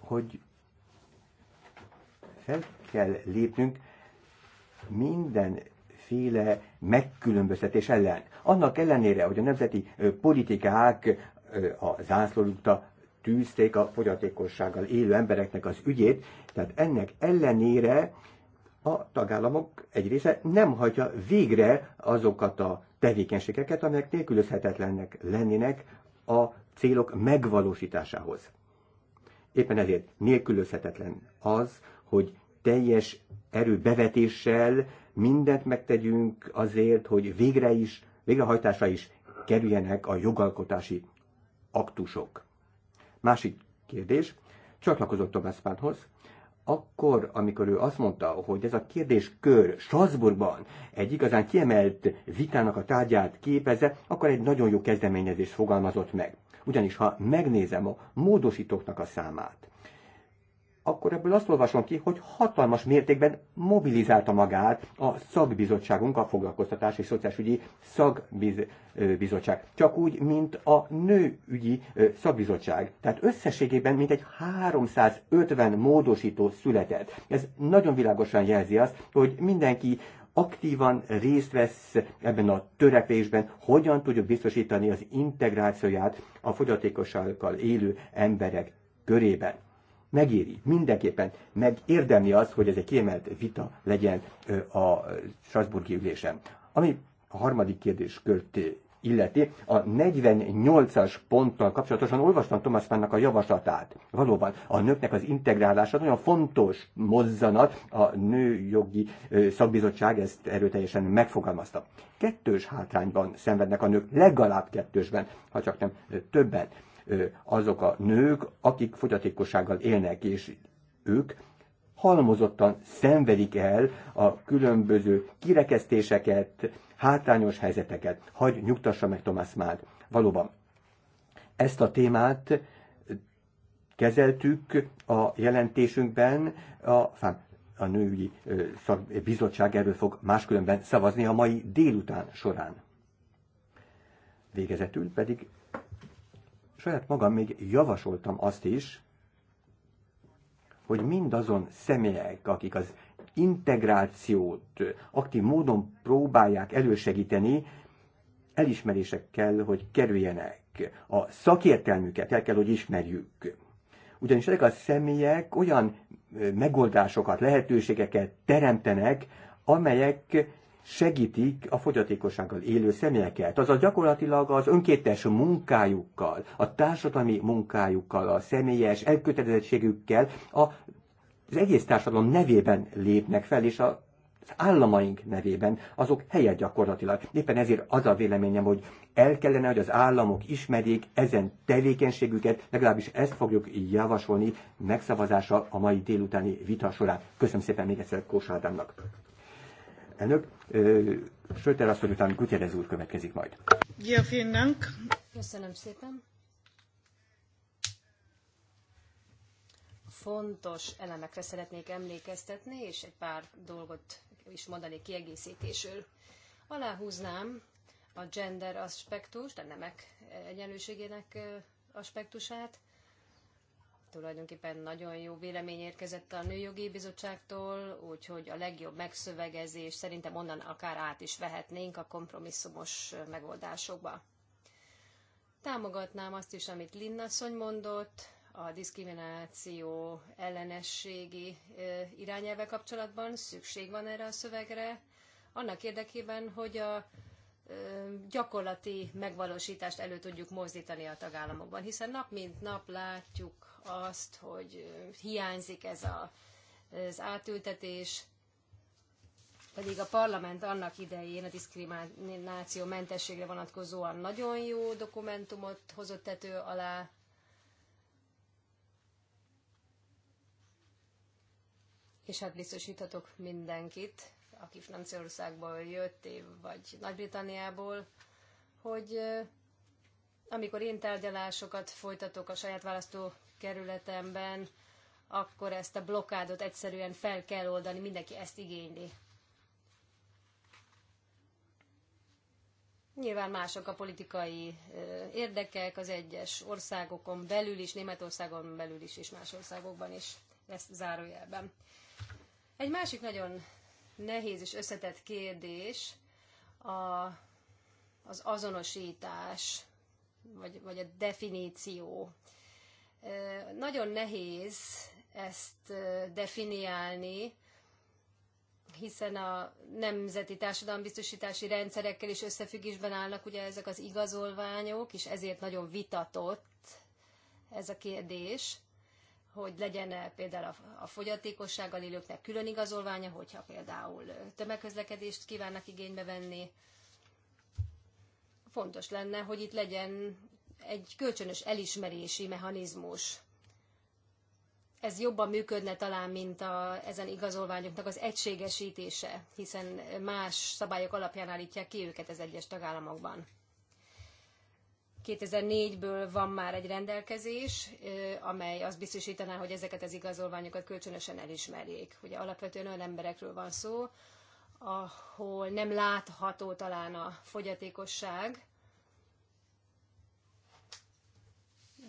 hogy fel kell lépnünk mindenféle megkülönböztetés ellen. Annak ellenére, hogy a nemzeti politikák a zászlóukta tűzték a fogyatékossággal élő embereknek az ügyét, tehát ennek ellenére a tagállamok egy része nem hagyja végre azokat a tevékenységeket, amelyek nélkülözhetetlennek lennének a célok megvalósításához. Éppen ezért nélkülözhetetlen az, hogy teljes erőbevetéssel mindent megtegyünk azért, hogy végre is, végrehajtásra is kerüljenek a jogalkotási aktusok. Másik kérdés, csatlakozott Tomás Pánhoz, akkor, amikor ő azt mondta, hogy ez a kérdéskör Strasbourgban egy igazán kiemelt vitának a tárgyát képezze, akkor egy nagyon jó kezdeményezés fogalmazott meg. Ugyanis, ha megnézem a módosítóknak a számát, akkor ebből azt olvasom ki, hogy hatalmas mértékben mobilizálta magát a szakbizottságunk, a Foglalkoztatás és Szociális Ügyi Szakbizottság. Csak úgy, mint a Nőügyi Szakbizottság. Tehát összességében mintegy 350 módosító született. Ez nagyon világosan jelzi azt, hogy mindenki aktívan részt vesz ebben a törekvésben, hogyan tudjuk biztosítani az integrációját a fogyatékossággal élő emberek körében megéri, mindenképpen megérdemli az, hogy ez egy kiemelt vita legyen a Strasburgi ülésen. Ami a harmadik kérdés kérdéskört illeti, a 48-as ponttal kapcsolatosan olvastam Thomas Mannnak a javaslatát. Valóban a nőknek az integrálása nagyon fontos mozzanat, a nőjogi szakbizottság ezt erőteljesen megfogalmazta. Kettős hátrányban szenvednek a nők, legalább kettősben, ha csak nem többen azok a nők, akik fogyatékossággal élnek, és ők halmozottan szenvedik el a különböző kirekesztéseket, hátrányos helyzeteket. Hagy nyugtassa meg Tomás Mád. Valóban, ezt a témát kezeltük a jelentésünkben, a, fán, a női bizottság erről fog máskülönben szavazni a mai délután során. Végezetül pedig saját magam még javasoltam azt is, hogy mindazon személyek, akik az integrációt aktív módon próbálják elősegíteni, elismerések kell, hogy kerüljenek. A szakértelmüket el kell, hogy ismerjük. Ugyanis ezek a személyek olyan megoldásokat, lehetőségeket teremtenek, amelyek segítik a fogyatékossággal élő személyeket, azaz gyakorlatilag az önkéntes munkájukkal, a társadalmi munkájukkal, a személyes elkötelezettségükkel a, az egész társadalom nevében lépnek fel, és a az államaink nevében, azok helyet gyakorlatilag. Éppen ezért az a véleményem, hogy el kellene, hogy az államok ismerjék ezen tevékenységüket, legalábbis ezt fogjuk javasolni megszavazása a mai délutáni vita során. Köszönöm szépen még egyszer Ádámnak. Elnök, Söter asszony után Gutierrez úr következik majd. Ja, vielen Dank. Köszönöm szépen. Fontos elemekre szeretnék emlékeztetni, és egy pár dolgot is mondani kiegészítésül. Aláhúznám a gender aspektust, a nemek egyenlőségének aspektusát, tulajdonképpen nagyon jó vélemény érkezett a Nőjogi Bizottságtól, úgyhogy a legjobb megszövegezés szerintem onnan akár át is vehetnénk a kompromisszumos megoldásokba. Támogatnám azt is, amit Linnaszony mondott, a diszkrimináció ellenességi irányelve kapcsolatban szükség van erre a szövegre, annak érdekében, hogy a gyakorlati megvalósítást elő tudjuk mozdítani a tagállamokban, hiszen nap mint nap látjuk azt, hogy hiányzik ez a, az átültetés, pedig a parlament annak idején a diszkrimináció mentességre vonatkozóan nagyon jó dokumentumot hozott tető alá, és hát biztosíthatok mindenkit, aki Franciaországból jött, vagy Nagy-Britanniából, hogy amikor én tárgyalásokat folytatok a saját választó kerületemben, akkor ezt a blokádot egyszerűen fel kell oldani, mindenki ezt igényli. Nyilván mások a politikai érdekek az egyes országokon belül is, Németországon belül is, és más országokban is, ezt zárójelben. Egy másik nagyon nehéz és összetett kérdés a, az azonosítás, vagy, vagy a definíció nagyon nehéz ezt definiálni, hiszen a nemzeti társadalombiztosítási rendszerekkel is összefüggésben állnak ugye ezek az igazolványok, és ezért nagyon vitatott ez a kérdés, hogy legyen -e például a, a fogyatékossággal élőknek külön igazolványa, hogyha például tömegközlekedést kívánnak igénybe venni. Fontos lenne, hogy itt legyen egy kölcsönös elismerési mechanizmus. Ez jobban működne talán, mint a, ezen igazolványoknak az egységesítése, hiszen más szabályok alapján állítják ki őket az egyes tagállamokban. 2004-ből van már egy rendelkezés, amely azt biztosítaná, hogy ezeket az igazolványokat kölcsönösen elismerjék. Ugye alapvetően olyan emberekről van szó, ahol nem látható talán a fogyatékosság,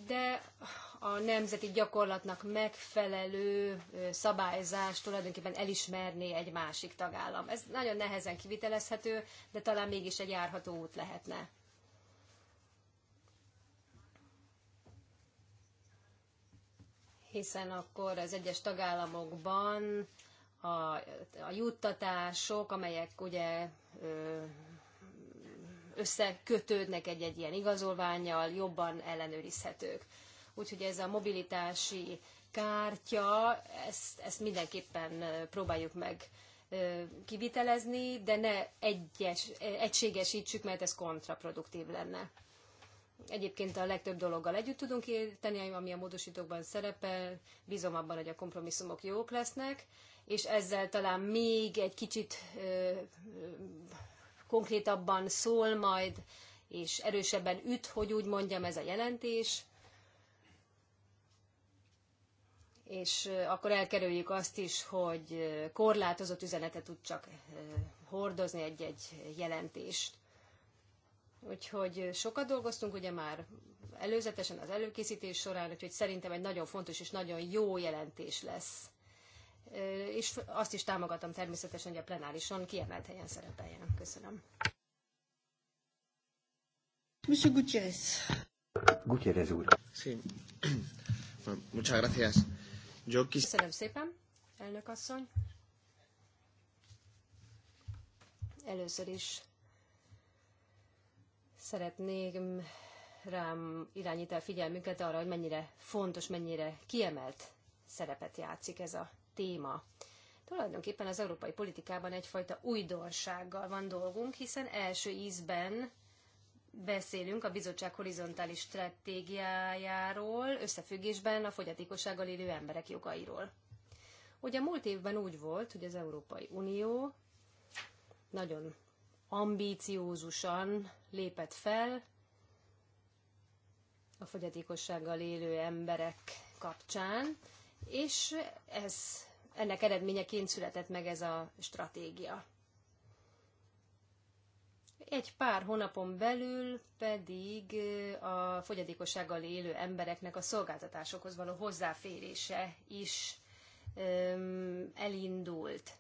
de a nemzeti gyakorlatnak megfelelő szabályzást tulajdonképpen elismerné egy másik tagállam. Ez nagyon nehezen kivitelezhető, de talán mégis egy járható út lehetne. Hiszen akkor az egyes tagállamokban a, a juttatások, amelyek ugye összekötődnek egy-egy ilyen igazolványjal, jobban ellenőrizhetők. Úgyhogy ez a mobilitási kártya, ezt, ezt mindenképpen próbáljuk meg kivitelezni, de ne egyes, egységesítsük, mert ez kontraproduktív lenne. Egyébként a legtöbb dologgal együtt tudunk érteni, ami a módosítókban szerepel. Bízom abban, hogy a kompromisszumok jók lesznek, és ezzel talán még egy kicsit ö, ö, konkrétabban szól majd, és erősebben üt, hogy úgy mondjam, ez a jelentés. És akkor elkerüljük azt is, hogy korlátozott üzenetet tud csak hordozni egy-egy jelentést. Úgyhogy sokat dolgoztunk ugye már előzetesen az előkészítés során, úgyhogy szerintem egy nagyon fontos és nagyon jó jelentés lesz és azt is támogatom természetesen, hogy a plenárison kiemelt helyen szerepeljen. Köszönöm. Mr. Gutierrez. Gutierrez úr. Sí. Muchas gracias. Yo quis... Köszönöm szépen, elnök asszony. Először is szeretnék rám irányítani a figyelmüket arra, hogy mennyire fontos, mennyire kiemelt szerepet játszik ez a téma. Tulajdonképpen az európai politikában egyfajta újdonsággal van dolgunk, hiszen első ízben beszélünk a bizottság horizontális stratégiájáról, összefüggésben a fogyatékossággal élő emberek jogairól. Ugye múlt évben úgy volt, hogy az Európai Unió nagyon ambíciózusan lépett fel a fogyatékossággal élő emberek kapcsán, és ez, ennek eredményeként született meg ez a stratégia. Egy pár hónapon belül pedig a fogyatékossággal élő embereknek a szolgáltatásokhoz való hozzáférése is öm, elindult.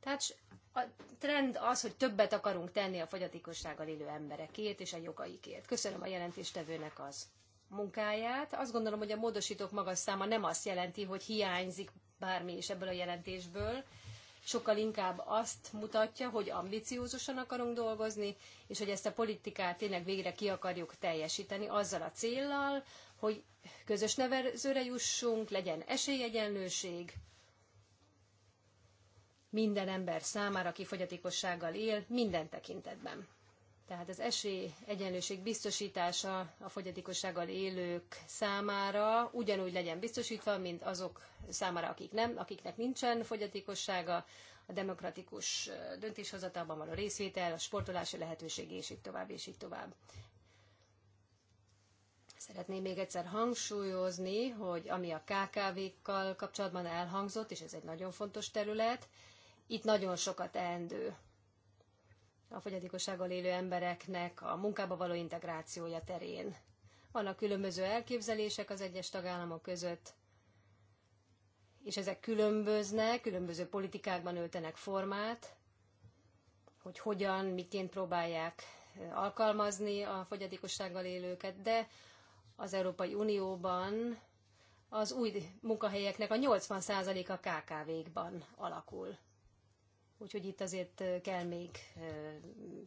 Tehát a trend az, hogy többet akarunk tenni a fogyatékossággal élő emberekért és a jogaikért. Köszönöm a jelentéstevőnek az munkáját. Azt gondolom, hogy a módosítók magas száma nem azt jelenti, hogy hiányzik bármi is ebből a jelentésből, sokkal inkább azt mutatja, hogy ambiciózusan akarunk dolgozni, és hogy ezt a politikát tényleg végre ki akarjuk teljesíteni azzal a céllal, hogy közös nevezőre jussunk, legyen esélyegyenlőség, minden ember számára, aki fogyatékossággal él, minden tekintetben. Tehát az esély egyenlőség biztosítása a fogyatékossággal élők számára ugyanúgy legyen biztosítva, mint azok számára, akik nem, akiknek nincsen fogyatékossága, a demokratikus döntéshozatalban való részvétel, a sportolási lehetőség, és így tovább, és így tovább. Szeretném még egyszer hangsúlyozni, hogy ami a KKV-kkal kapcsolatban elhangzott, és ez egy nagyon fontos terület, itt nagyon sokat teendő a fogyatékossággal élő embereknek a munkába való integrációja terén. Vannak különböző elképzelések az egyes tagállamok között, és ezek különböznek, különböző politikákban öltenek formát, hogy hogyan, miként próbálják alkalmazni a fogyatékossággal élőket, de az Európai Unióban az új munkahelyeknek a 80%-a KKV-kban alakul. Úgyhogy itt azért kell még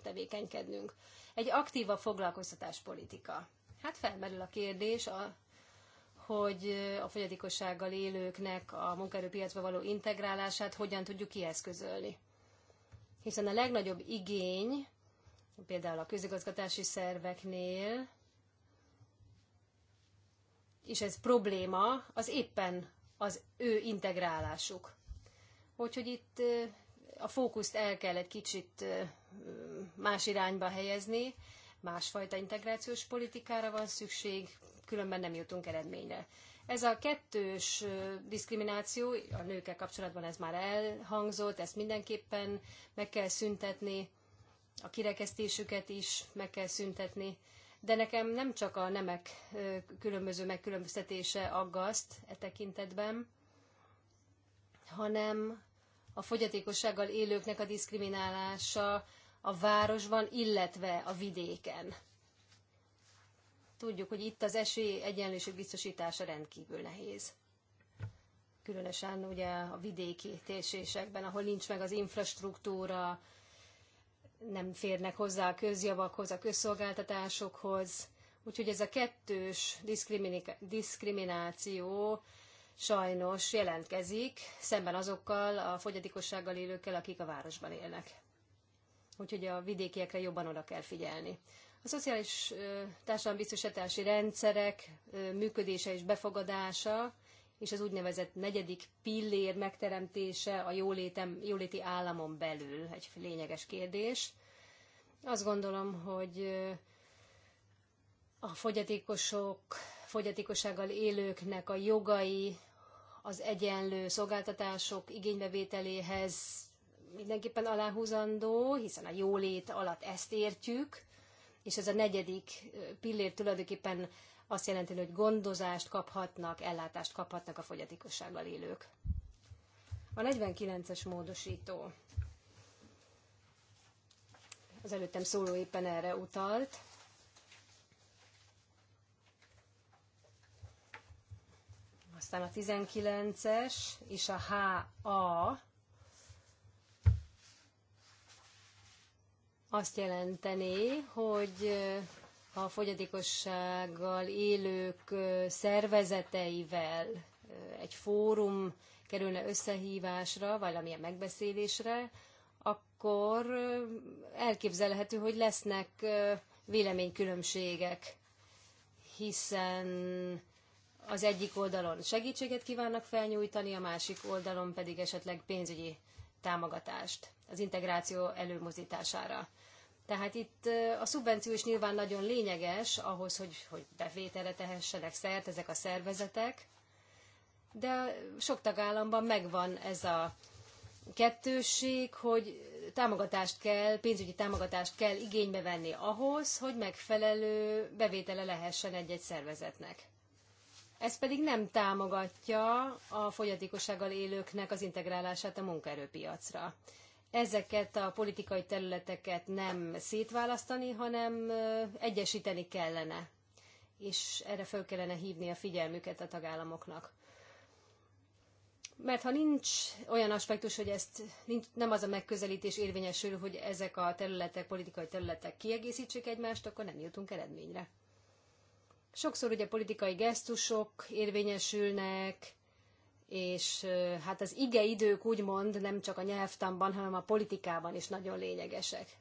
tevékenykednünk. Egy foglalkoztatás politika. Hát felmerül a kérdés, a, hogy a fogyatékossággal élőknek a munkaerőpiacba való integrálását hogyan tudjuk kieszközölni. Hiszen a legnagyobb igény, például a közigazgatási szerveknél, és ez probléma, az éppen az ő integrálásuk. Úgyhogy itt a fókuszt el kell egy kicsit más irányba helyezni, másfajta integrációs politikára van szükség, különben nem jutunk eredményre. Ez a kettős diszkrimináció, a nőkkel kapcsolatban ez már elhangzott, ezt mindenképpen meg kell szüntetni, a kirekesztésüket is meg kell szüntetni, de nekem nem csak a nemek különböző megkülönböztetése aggaszt e tekintetben, hanem a fogyatékossággal élőknek a diszkriminálása a városban, illetve a vidéken. Tudjuk, hogy itt az esély egyenlőség biztosítása rendkívül nehéz. Különösen ugye a vidéki térségekben, ahol nincs meg az infrastruktúra, nem férnek hozzá a közjavakhoz, a közszolgáltatásokhoz. Úgyhogy ez a kettős diszkrimináció sajnos jelentkezik, szemben azokkal a fogyatékossággal élőkkel, akik a városban élnek. Úgyhogy a vidékiekre jobban oda kell figyelni. A szociális társadalombiztosítási rendszerek működése és befogadása, és az úgynevezett negyedik pillér megteremtése a jólétem, jóléti államon belül egy lényeges kérdés. Azt gondolom, hogy a fogyatékosok fogyatékossággal élőknek a jogai, az egyenlő szolgáltatások igénybevételéhez mindenképpen aláhúzandó, hiszen a jólét alatt ezt értjük, és ez a negyedik pillér tulajdonképpen azt jelenti, hogy gondozást kaphatnak, ellátást kaphatnak a fogyatékossággal élők. A 49-es módosító. Az előttem szóló éppen erre utalt. Aztán a 19-es és a HA azt jelenteni, hogy a fogyatékossággal élők szervezeteivel egy fórum kerülne összehívásra, valamilyen megbeszélésre, akkor elképzelhető, hogy lesznek véleménykülönbségek, hiszen az egyik oldalon segítséget kívánnak felnyújtani, a másik oldalon pedig esetleg pénzügyi támogatást az integráció előmozdítására. Tehát itt a szubvenció is nyilván nagyon lényeges ahhoz, hogy, hogy bevételre tehessenek szert ezek a szervezetek, de sok tagállamban megvan ez a kettősség, hogy támogatást kell, pénzügyi támogatást kell igénybe venni ahhoz, hogy megfelelő bevétele lehessen egy-egy szervezetnek. Ez pedig nem támogatja a fogyatékossággal élőknek az integrálását a munkaerőpiacra. Ezeket a politikai területeket nem szétválasztani, hanem egyesíteni kellene, és erre föl kellene hívni a figyelmüket a tagállamoknak mert ha nincs olyan aspektus, hogy ezt nincs, nem az a megközelítés érvényesül, hogy ezek a területek, politikai területek kiegészítsék egymást, akkor nem jutunk eredményre. Sokszor ugye politikai gesztusok érvényesülnek, és hát az igeidők úgymond nem csak a nyelvtanban, hanem a politikában is nagyon lényegesek.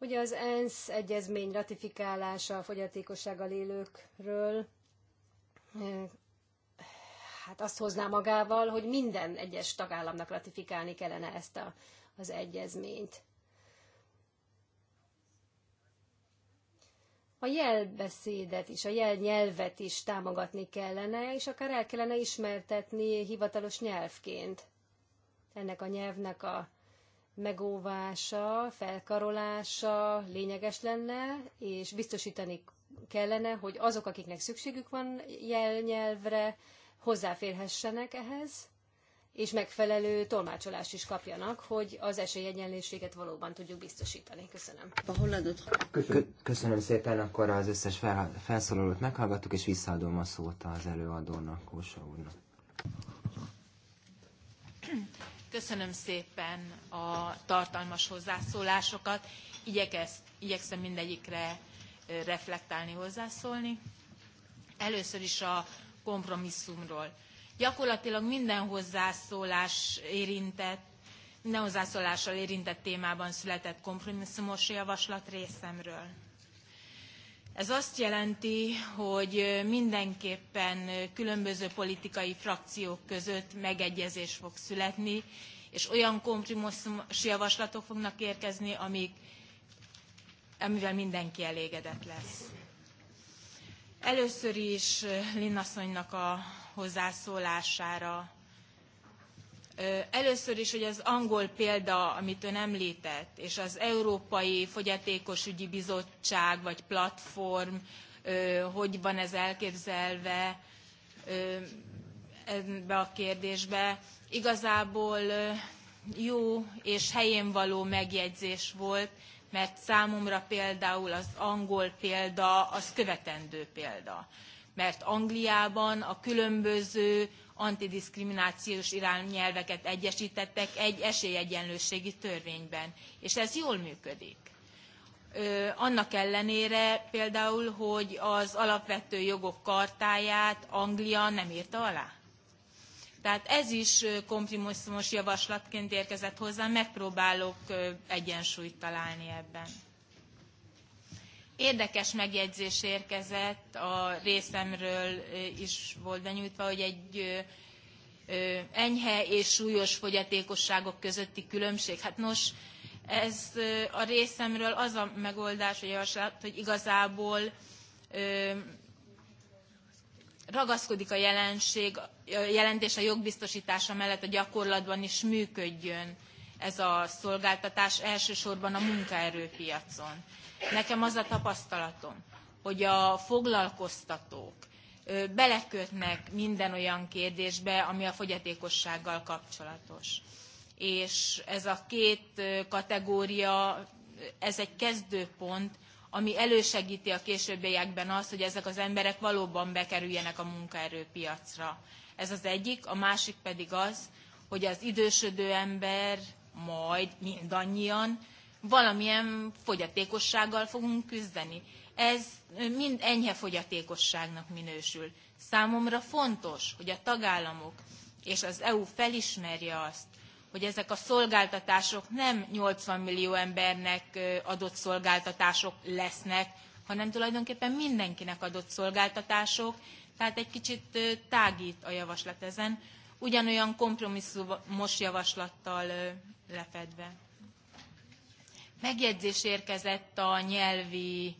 Ugye az ENSZ egyezmény ratifikálása a fogyatékossággal élőkről, hát azt hozná magával, hogy minden egyes tagállamnak ratifikálni kellene ezt a, az egyezményt. a jelbeszédet is, a jelnyelvet is támogatni kellene, és akár el kellene ismertetni hivatalos nyelvként. Ennek a nyelvnek a megóvása, felkarolása lényeges lenne, és biztosítani kellene, hogy azok, akiknek szükségük van jelnyelvre, hozzáférhessenek ehhez, és megfelelő tolmácsolást is kapjanak, hogy az esélyegyenlőséget valóban tudjuk biztosítani. Köszönöm. Köszönöm, Köszönöm szépen, akkor az összes fel, felszólalót meghallgattuk, és visszaadom a szót az előadónak, Kósa úrnak. Köszönöm szépen a tartalmas hozzászólásokat. Igyekez, igyekszem mindegyikre reflektálni, hozzászólni. Először is a kompromisszumról gyakorlatilag minden hozzászólás érintett, minden hozzászólással érintett témában született kompromisszumos javaslat részemről. Ez azt jelenti, hogy mindenképpen különböző politikai frakciók között megegyezés fog születni, és olyan kompromisszumos javaslatok fognak érkezni, amik, amivel mindenki elégedett lesz. Először is Linnasszonynak a hozzászólására. Először is, hogy az angol példa, amit ön említett, és az Európai Fogyatékosügyi Bizottság vagy platform, hogy van ez elképzelve ebbe a kérdésbe, igazából jó és helyénvaló megjegyzés volt, mert számomra például az angol példa az követendő példa mert Angliában a különböző antidiszkriminációs irányelveket egyesítettek egy esélyegyenlőségi törvényben, és ez jól működik. Ö, annak ellenére például, hogy az alapvető jogok kartáját Anglia nem írta alá. Tehát ez is kompromisszumos javaslatként érkezett hozzá, megpróbálok egyensúlyt találni ebben. Érdekes megjegyzés érkezett, a részemről is volt benyújtva, hogy egy enyhe és súlyos fogyatékosságok közötti különbség. Hát nos, ez a részemről az a megoldás, hogy, javaslat, hogy igazából ragaszkodik a jelenség, a jelentés a jogbiztosítása mellett a gyakorlatban is működjön ez a szolgáltatás elsősorban a munkaerőpiacon. Nekem az a tapasztalatom, hogy a foglalkoztatók belekötnek minden olyan kérdésbe, ami a fogyatékossággal kapcsolatos. És ez a két kategória, ez egy kezdőpont, ami elősegíti a későbbiekben azt, hogy ezek az emberek valóban bekerüljenek a munkaerőpiacra. Ez az egyik, a másik pedig az, hogy az idősödő ember majd mindannyian valamilyen fogyatékossággal fogunk küzdeni. Ez mind enyhe fogyatékosságnak minősül. Számomra fontos, hogy a tagállamok és az EU felismerje azt, hogy ezek a szolgáltatások nem 80 millió embernek adott szolgáltatások lesznek, hanem tulajdonképpen mindenkinek adott szolgáltatások, tehát egy kicsit tágít a javaslat ezen. Ugyanolyan kompromisszumos javaslattal lefedve. Megjegyzés érkezett a nyelvi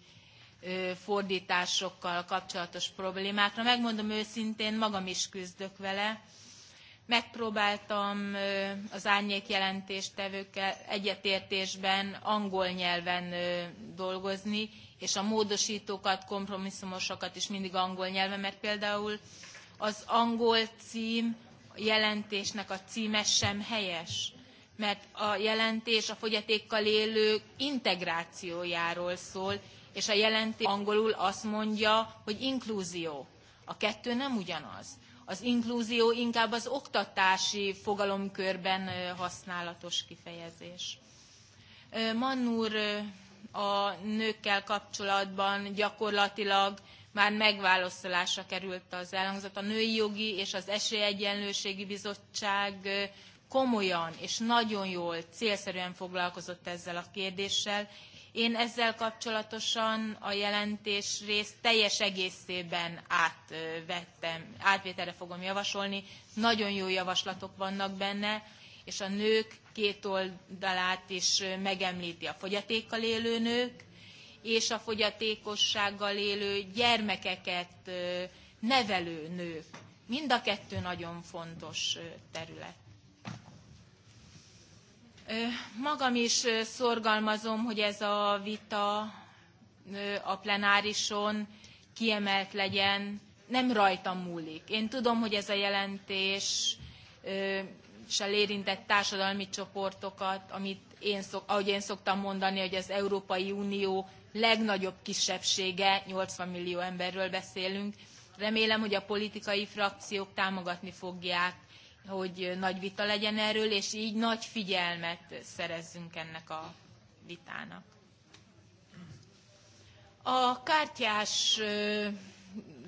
fordításokkal kapcsolatos problémákra. Megmondom őszintén, magam is küzdök vele. Megpróbáltam az árnyék jelentéstevőkkel egyetértésben angol nyelven dolgozni, és a módosítókat, kompromisszumosokat is mindig angol nyelven, mert például az angol cím a jelentésnek a címe sem helyes mert a jelentés a fogyatékkal élők integrációjáról szól, és a jelentés angolul azt mondja, hogy inkluzió. A kettő nem ugyanaz. Az inkluzió inkább az oktatási fogalomkörben használatos kifejezés. Mannur a nőkkel kapcsolatban gyakorlatilag már megválaszolásra került az elhangzott. A Női Jogi és az Esélyegyenlőségi Bizottság komolyan és nagyon jól, célszerűen foglalkozott ezzel a kérdéssel. Én ezzel kapcsolatosan a jelentés részt teljes egészében átvettem, átvételre fogom javasolni. Nagyon jó javaslatok vannak benne, és a nők két oldalát is megemlíti a fogyatékkal élő nők, és a fogyatékossággal élő gyermekeket nevelő nők. Mind a kettő nagyon fontos terület. Magam is szorgalmazom, hogy ez a vita a plenárison kiemelt legyen, nem rajtam múlik. Én tudom, hogy ez a jelentés és érintett társadalmi csoportokat, amit én szok, ahogy én szoktam mondani, hogy az Európai Unió legnagyobb kisebbsége, 80 millió emberről beszélünk. Remélem, hogy a politikai frakciók támogatni fogják hogy nagy vita legyen erről, és így nagy figyelmet szerezzünk ennek a vitának. A kártyás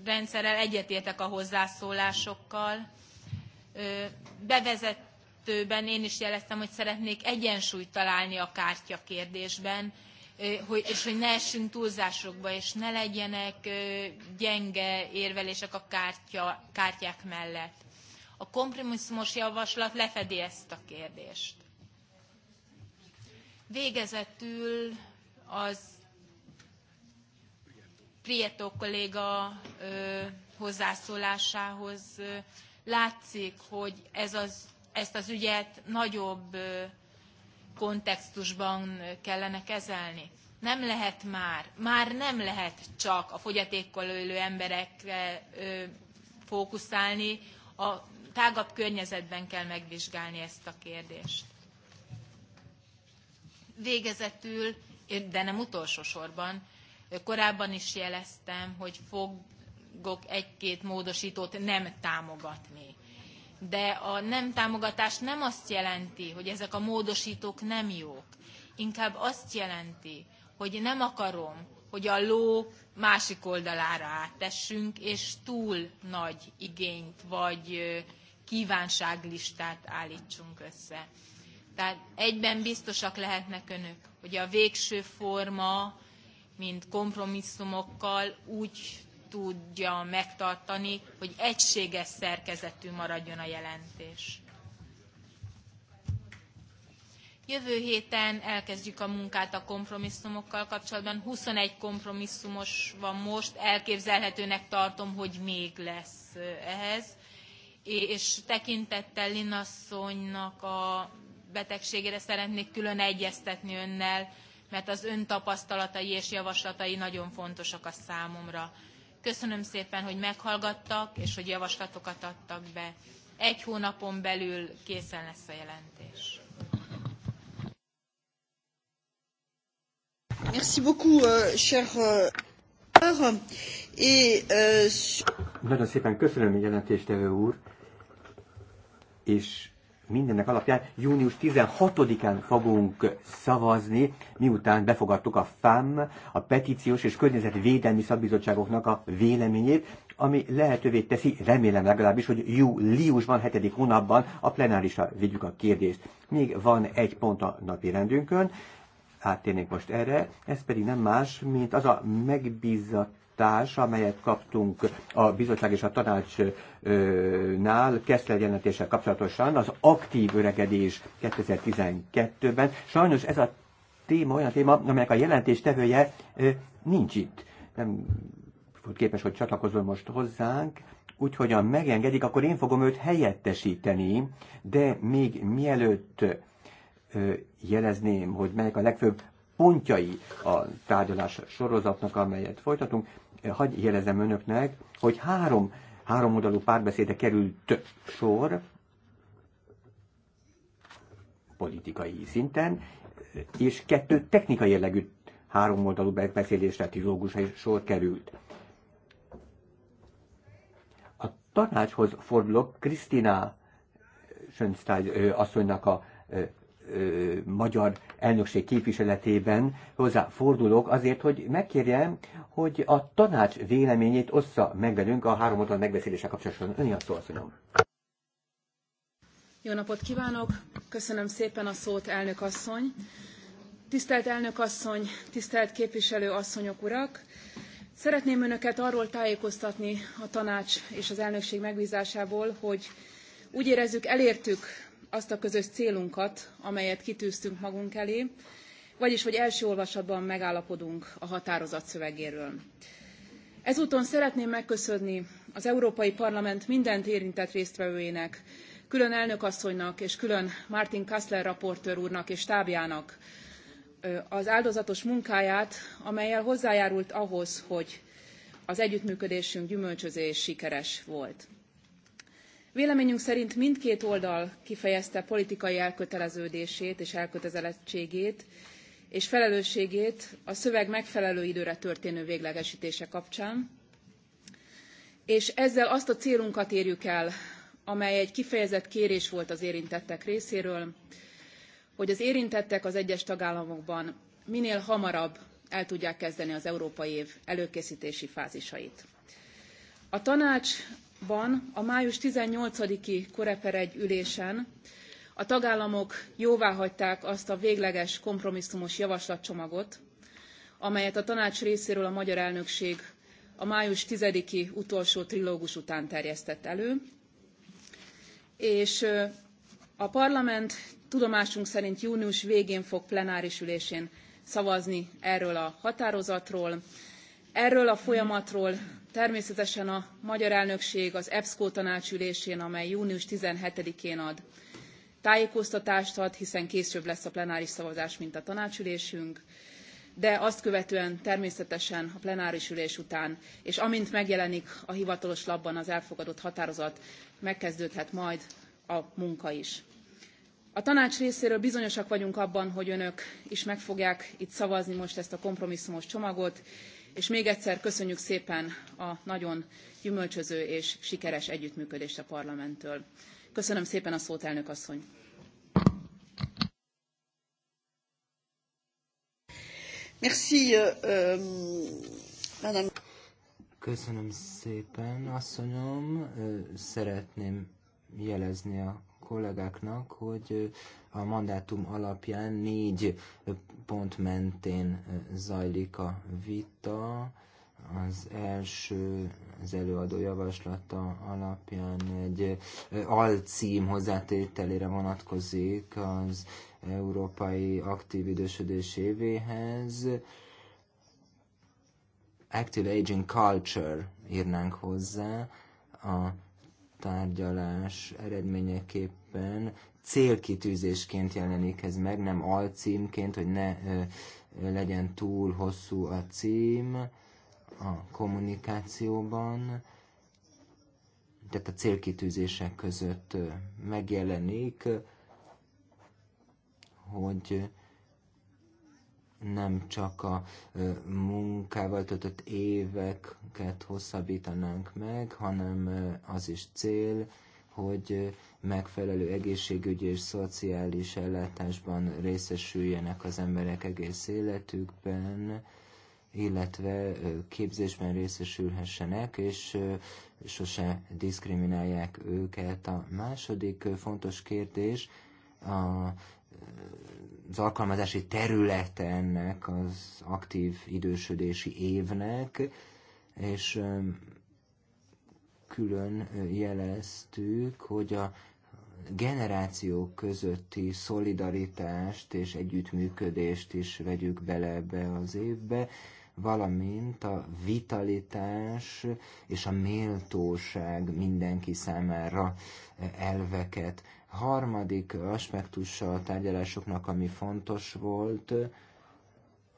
rendszerrel egyetértek a hozzászólásokkal. Bevezetőben én is jeleztem, hogy szeretnék egyensúlyt találni a kártya kérdésben, és hogy ne essünk túlzásokba, és ne legyenek gyenge érvelések a kártya, kártyák mellett a kompromisszumos javaslat lefedi ezt a kérdést. Végezetül az Prieto kolléga ö, hozzászólásához ö, látszik, hogy ez az, ezt az ügyet nagyobb ö, kontextusban kellene kezelni. Nem lehet már, már nem lehet csak a fogyatékkal élő emberekre ö, fókuszálni, a tágabb környezetben kell megvizsgálni ezt a kérdést. Végezetül, de nem utolsó sorban, korábban is jeleztem, hogy fogok egy-két módosítót nem támogatni. De a nem támogatás nem azt jelenti, hogy ezek a módosítók nem jók. Inkább azt jelenti, hogy nem akarom, hogy a ló másik oldalára áttessünk, és túl nagy igényt vagy kívánságlistát állítsunk össze. Tehát egyben biztosak lehetnek önök, hogy a végső forma, mint kompromisszumokkal úgy tudja megtartani, hogy egységes szerkezetű maradjon a jelentés. Jövő héten elkezdjük a munkát a kompromisszumokkal kapcsolatban. 21 kompromisszumos van most, elképzelhetőnek tartom, hogy még lesz ehhez és tekintettel Linasszonynak a betegségére szeretnék külön egyeztetni önnel, mert az ön tapasztalatai és javaslatai nagyon fontosak a számomra. Köszönöm szépen, hogy meghallgattak, és hogy javaslatokat adtak be. Egy hónapon belül készen lesz a jelentés. Merci beaucoup, euh, cher euh, et, euh... Nagyon szépen köszönöm, jelentéstevő úr és mindennek alapján június 16-án fogunk szavazni, miután befogadtuk a FAM, a Petíciós és Környezetvédelmi Szakbizottságoknak a véleményét, ami lehetővé teszi, remélem legalábbis, hogy júliusban, 7. hónapban a plenárisra vigyük a kérdést. Még van egy pont a napi rendünkön, áttérnék most erre, ez pedig nem más, mint az a megbízat támogatás, amelyet kaptunk a bizottság és a tanácsnál Kessler jelentéssel kapcsolatosan, az aktív öregedés 2012-ben. Sajnos ez a téma olyan téma, amelyek a jelentéstevője nincs itt. Nem volt képes, hogy csatlakozol most hozzánk, úgyhogy ha megengedik, akkor én fogom őt helyettesíteni, de még mielőtt jelezném, hogy melyek a legfőbb pontjai a tárgyalás sorozatnak, amelyet folytatunk hagyj jelezem önöknek, hogy három, három oldalú párbeszéde került sor politikai szinten, és kettő technikai jellegű három megbeszélésre, trilógusra is sor került. A tanácshoz fordulok Krisztina Schönstein asszonynak a magyar elnökség képviseletében fordulok azért, hogy megkérjem, hogy a tanács véleményét ossza meg velünk a három oldal megbeszélése kapcsolatban. Ön a szó, Jó napot kívánok! Köszönöm szépen a szót, elnök asszony! Tisztelt elnök asszony, tisztelt képviselő asszonyok, urak! Szeretném önöket arról tájékoztatni a tanács és az elnökség megbízásából, hogy úgy érezzük elértük azt a közös célunkat, amelyet kitűztünk magunk elé, vagyis hogy első olvasatban megállapodunk a határozat szövegéről. Ezúton szeretném megköszönni az Európai Parlament mindent érintett résztvevőjének, külön elnökasszonynak és külön Martin Kassler raportőr úrnak és tábjának az áldozatos munkáját, amelyel hozzájárult ahhoz, hogy az együttműködésünk gyümölcsözés sikeres volt. Véleményünk szerint mindkét oldal kifejezte politikai elköteleződését és elkötelezettségét és felelősségét a szöveg megfelelő időre történő véglegesítése kapcsán, és ezzel azt a célunkat érjük el, amely egy kifejezett kérés volt az érintettek részéről, hogy az érintettek az egyes tagállamokban minél hamarabb el tudják kezdeni az európai év előkészítési fázisait. A tanács ban a május 18-i koreperegy ülésen a tagállamok jóváhagyták azt a végleges kompromisszumos javaslatcsomagot, amelyet a tanács részéről a magyar elnökség a május 10-i utolsó trilógus után terjesztett elő, és a parlament tudomásunk szerint június végén fog plenáris ülésén szavazni erről a határozatról. Erről a folyamatról természetesen a magyar elnökség az epsco tanács ülésén amely június seventeen én ad tájékoztatást ad hiszen később lesz a plenáris szavazás mint a tanácsülésünk de azt követően természetesen a plenáris ülés után és amint megjelenik a hivatalos lapban az elfogadott határozat megkezdődhet majd a munka is. A tanács részéről bizonyosak vagyunk abban, hogy önök is meg fogják itt szavazni most ezt a kompromisszumos csomagot, és még egyszer köszönjük szépen a nagyon gyümölcsöző és sikeres együttműködést a parlamenttől. Köszönöm szépen a szót, elnök asszony! Merci, euh, euh, madame. Köszönöm szépen, asszonyom. Szeretném jelezni a kollégáknak, hogy a mandátum alapján négy pont mentén zajlik a vita. Az első, az előadó javaslata alapján egy alcím hozzátételére vonatkozik az Európai Aktív Idősödés évéhez. Active Aging Culture írnánk hozzá, a tárgyalás eredményeképpen célkitűzésként jelenik ez meg, nem alcímként, hogy ne legyen túl hosszú a cím a kommunikációban, tehát a célkitűzések között megjelenik, hogy nem csak a munkával töltött éveket hosszabbítanánk meg, hanem az is cél, hogy megfelelő egészségügyi és szociális ellátásban részesüljenek az emberek egész életükben, illetve képzésben részesülhessenek, és sose diszkriminálják őket. A második fontos kérdés a az alkalmazási területe ennek az aktív idősödési évnek, és külön jeleztük, hogy a generációk közötti szolidaritást és együttműködést is vegyük bele ebbe az évbe, valamint a vitalitás és a méltóság mindenki számára elveket Harmadik aspektusa a tárgyalásoknak, ami fontos volt,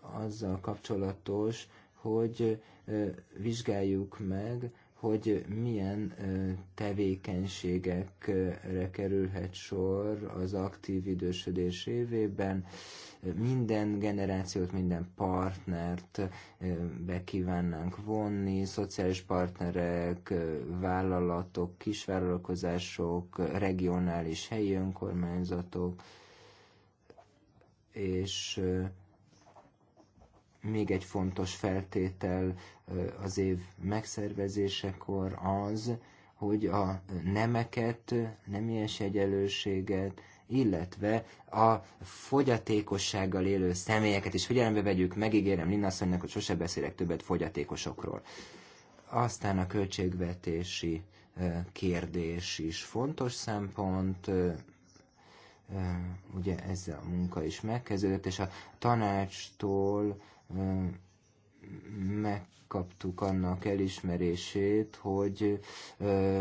azzal kapcsolatos, hogy vizsgáljuk meg, hogy milyen tevékenységekre kerülhet sor az aktív idősödés évében. Minden generációt, minden partnert bekívánnánk vonni, szociális partnerek, vállalatok, kisvállalkozások, regionális helyi önkormányzatok, és még egy fontos feltétel az év megszervezésekor az, hogy a nemeket, nemies egyenlőséget, illetve a fogyatékossággal élő személyeket is figyelembe vegyük, megígérem Linnasszonynak, hogy sose beszélek többet fogyatékosokról. Aztán a költségvetési kérdés is fontos szempont, ugye ezzel a munka is megkezdődött, és a tanácstól megkaptuk annak elismerését, hogy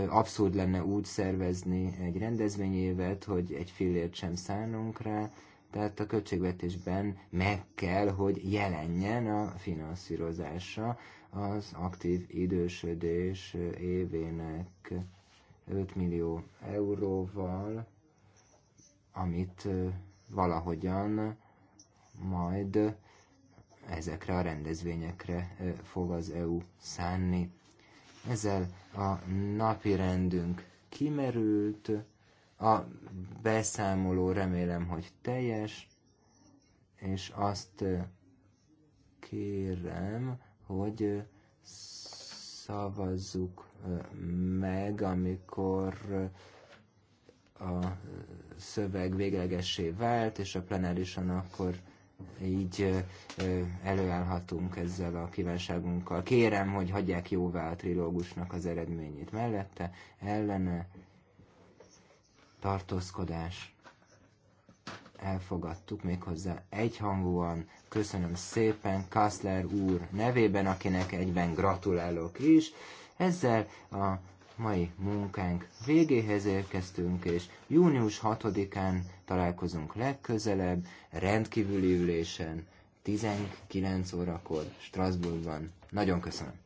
abszurd lenne úgy szervezni egy rendezvényévet, hogy egy fillért sem szánunk rá, tehát a költségvetésben meg kell, hogy jelenjen a finanszírozása az aktív idősödés évének 5 millió euróval, amit valahogyan majd ezekre a rendezvényekre fog az EU szánni. Ezzel a napi rendünk kimerült, a beszámoló remélem, hogy teljes, és azt kérem, hogy szavazzuk meg, amikor a szöveg véglegessé vált, és a plenárisan akkor így előállhatunk ezzel a kívánságunkkal. Kérem, hogy hagyják jóvá a trilógusnak az eredményét mellette, ellene, tartózkodás, elfogadtuk méghozzá egyhangúan. Köszönöm szépen Kassler úr nevében, akinek egyben gratulálok is. Ezzel a mai munkánk végéhez érkeztünk, és június 6-án találkozunk legközelebb, rendkívüli ülésen, 19 órakor Strasbourgban. Nagyon köszönöm!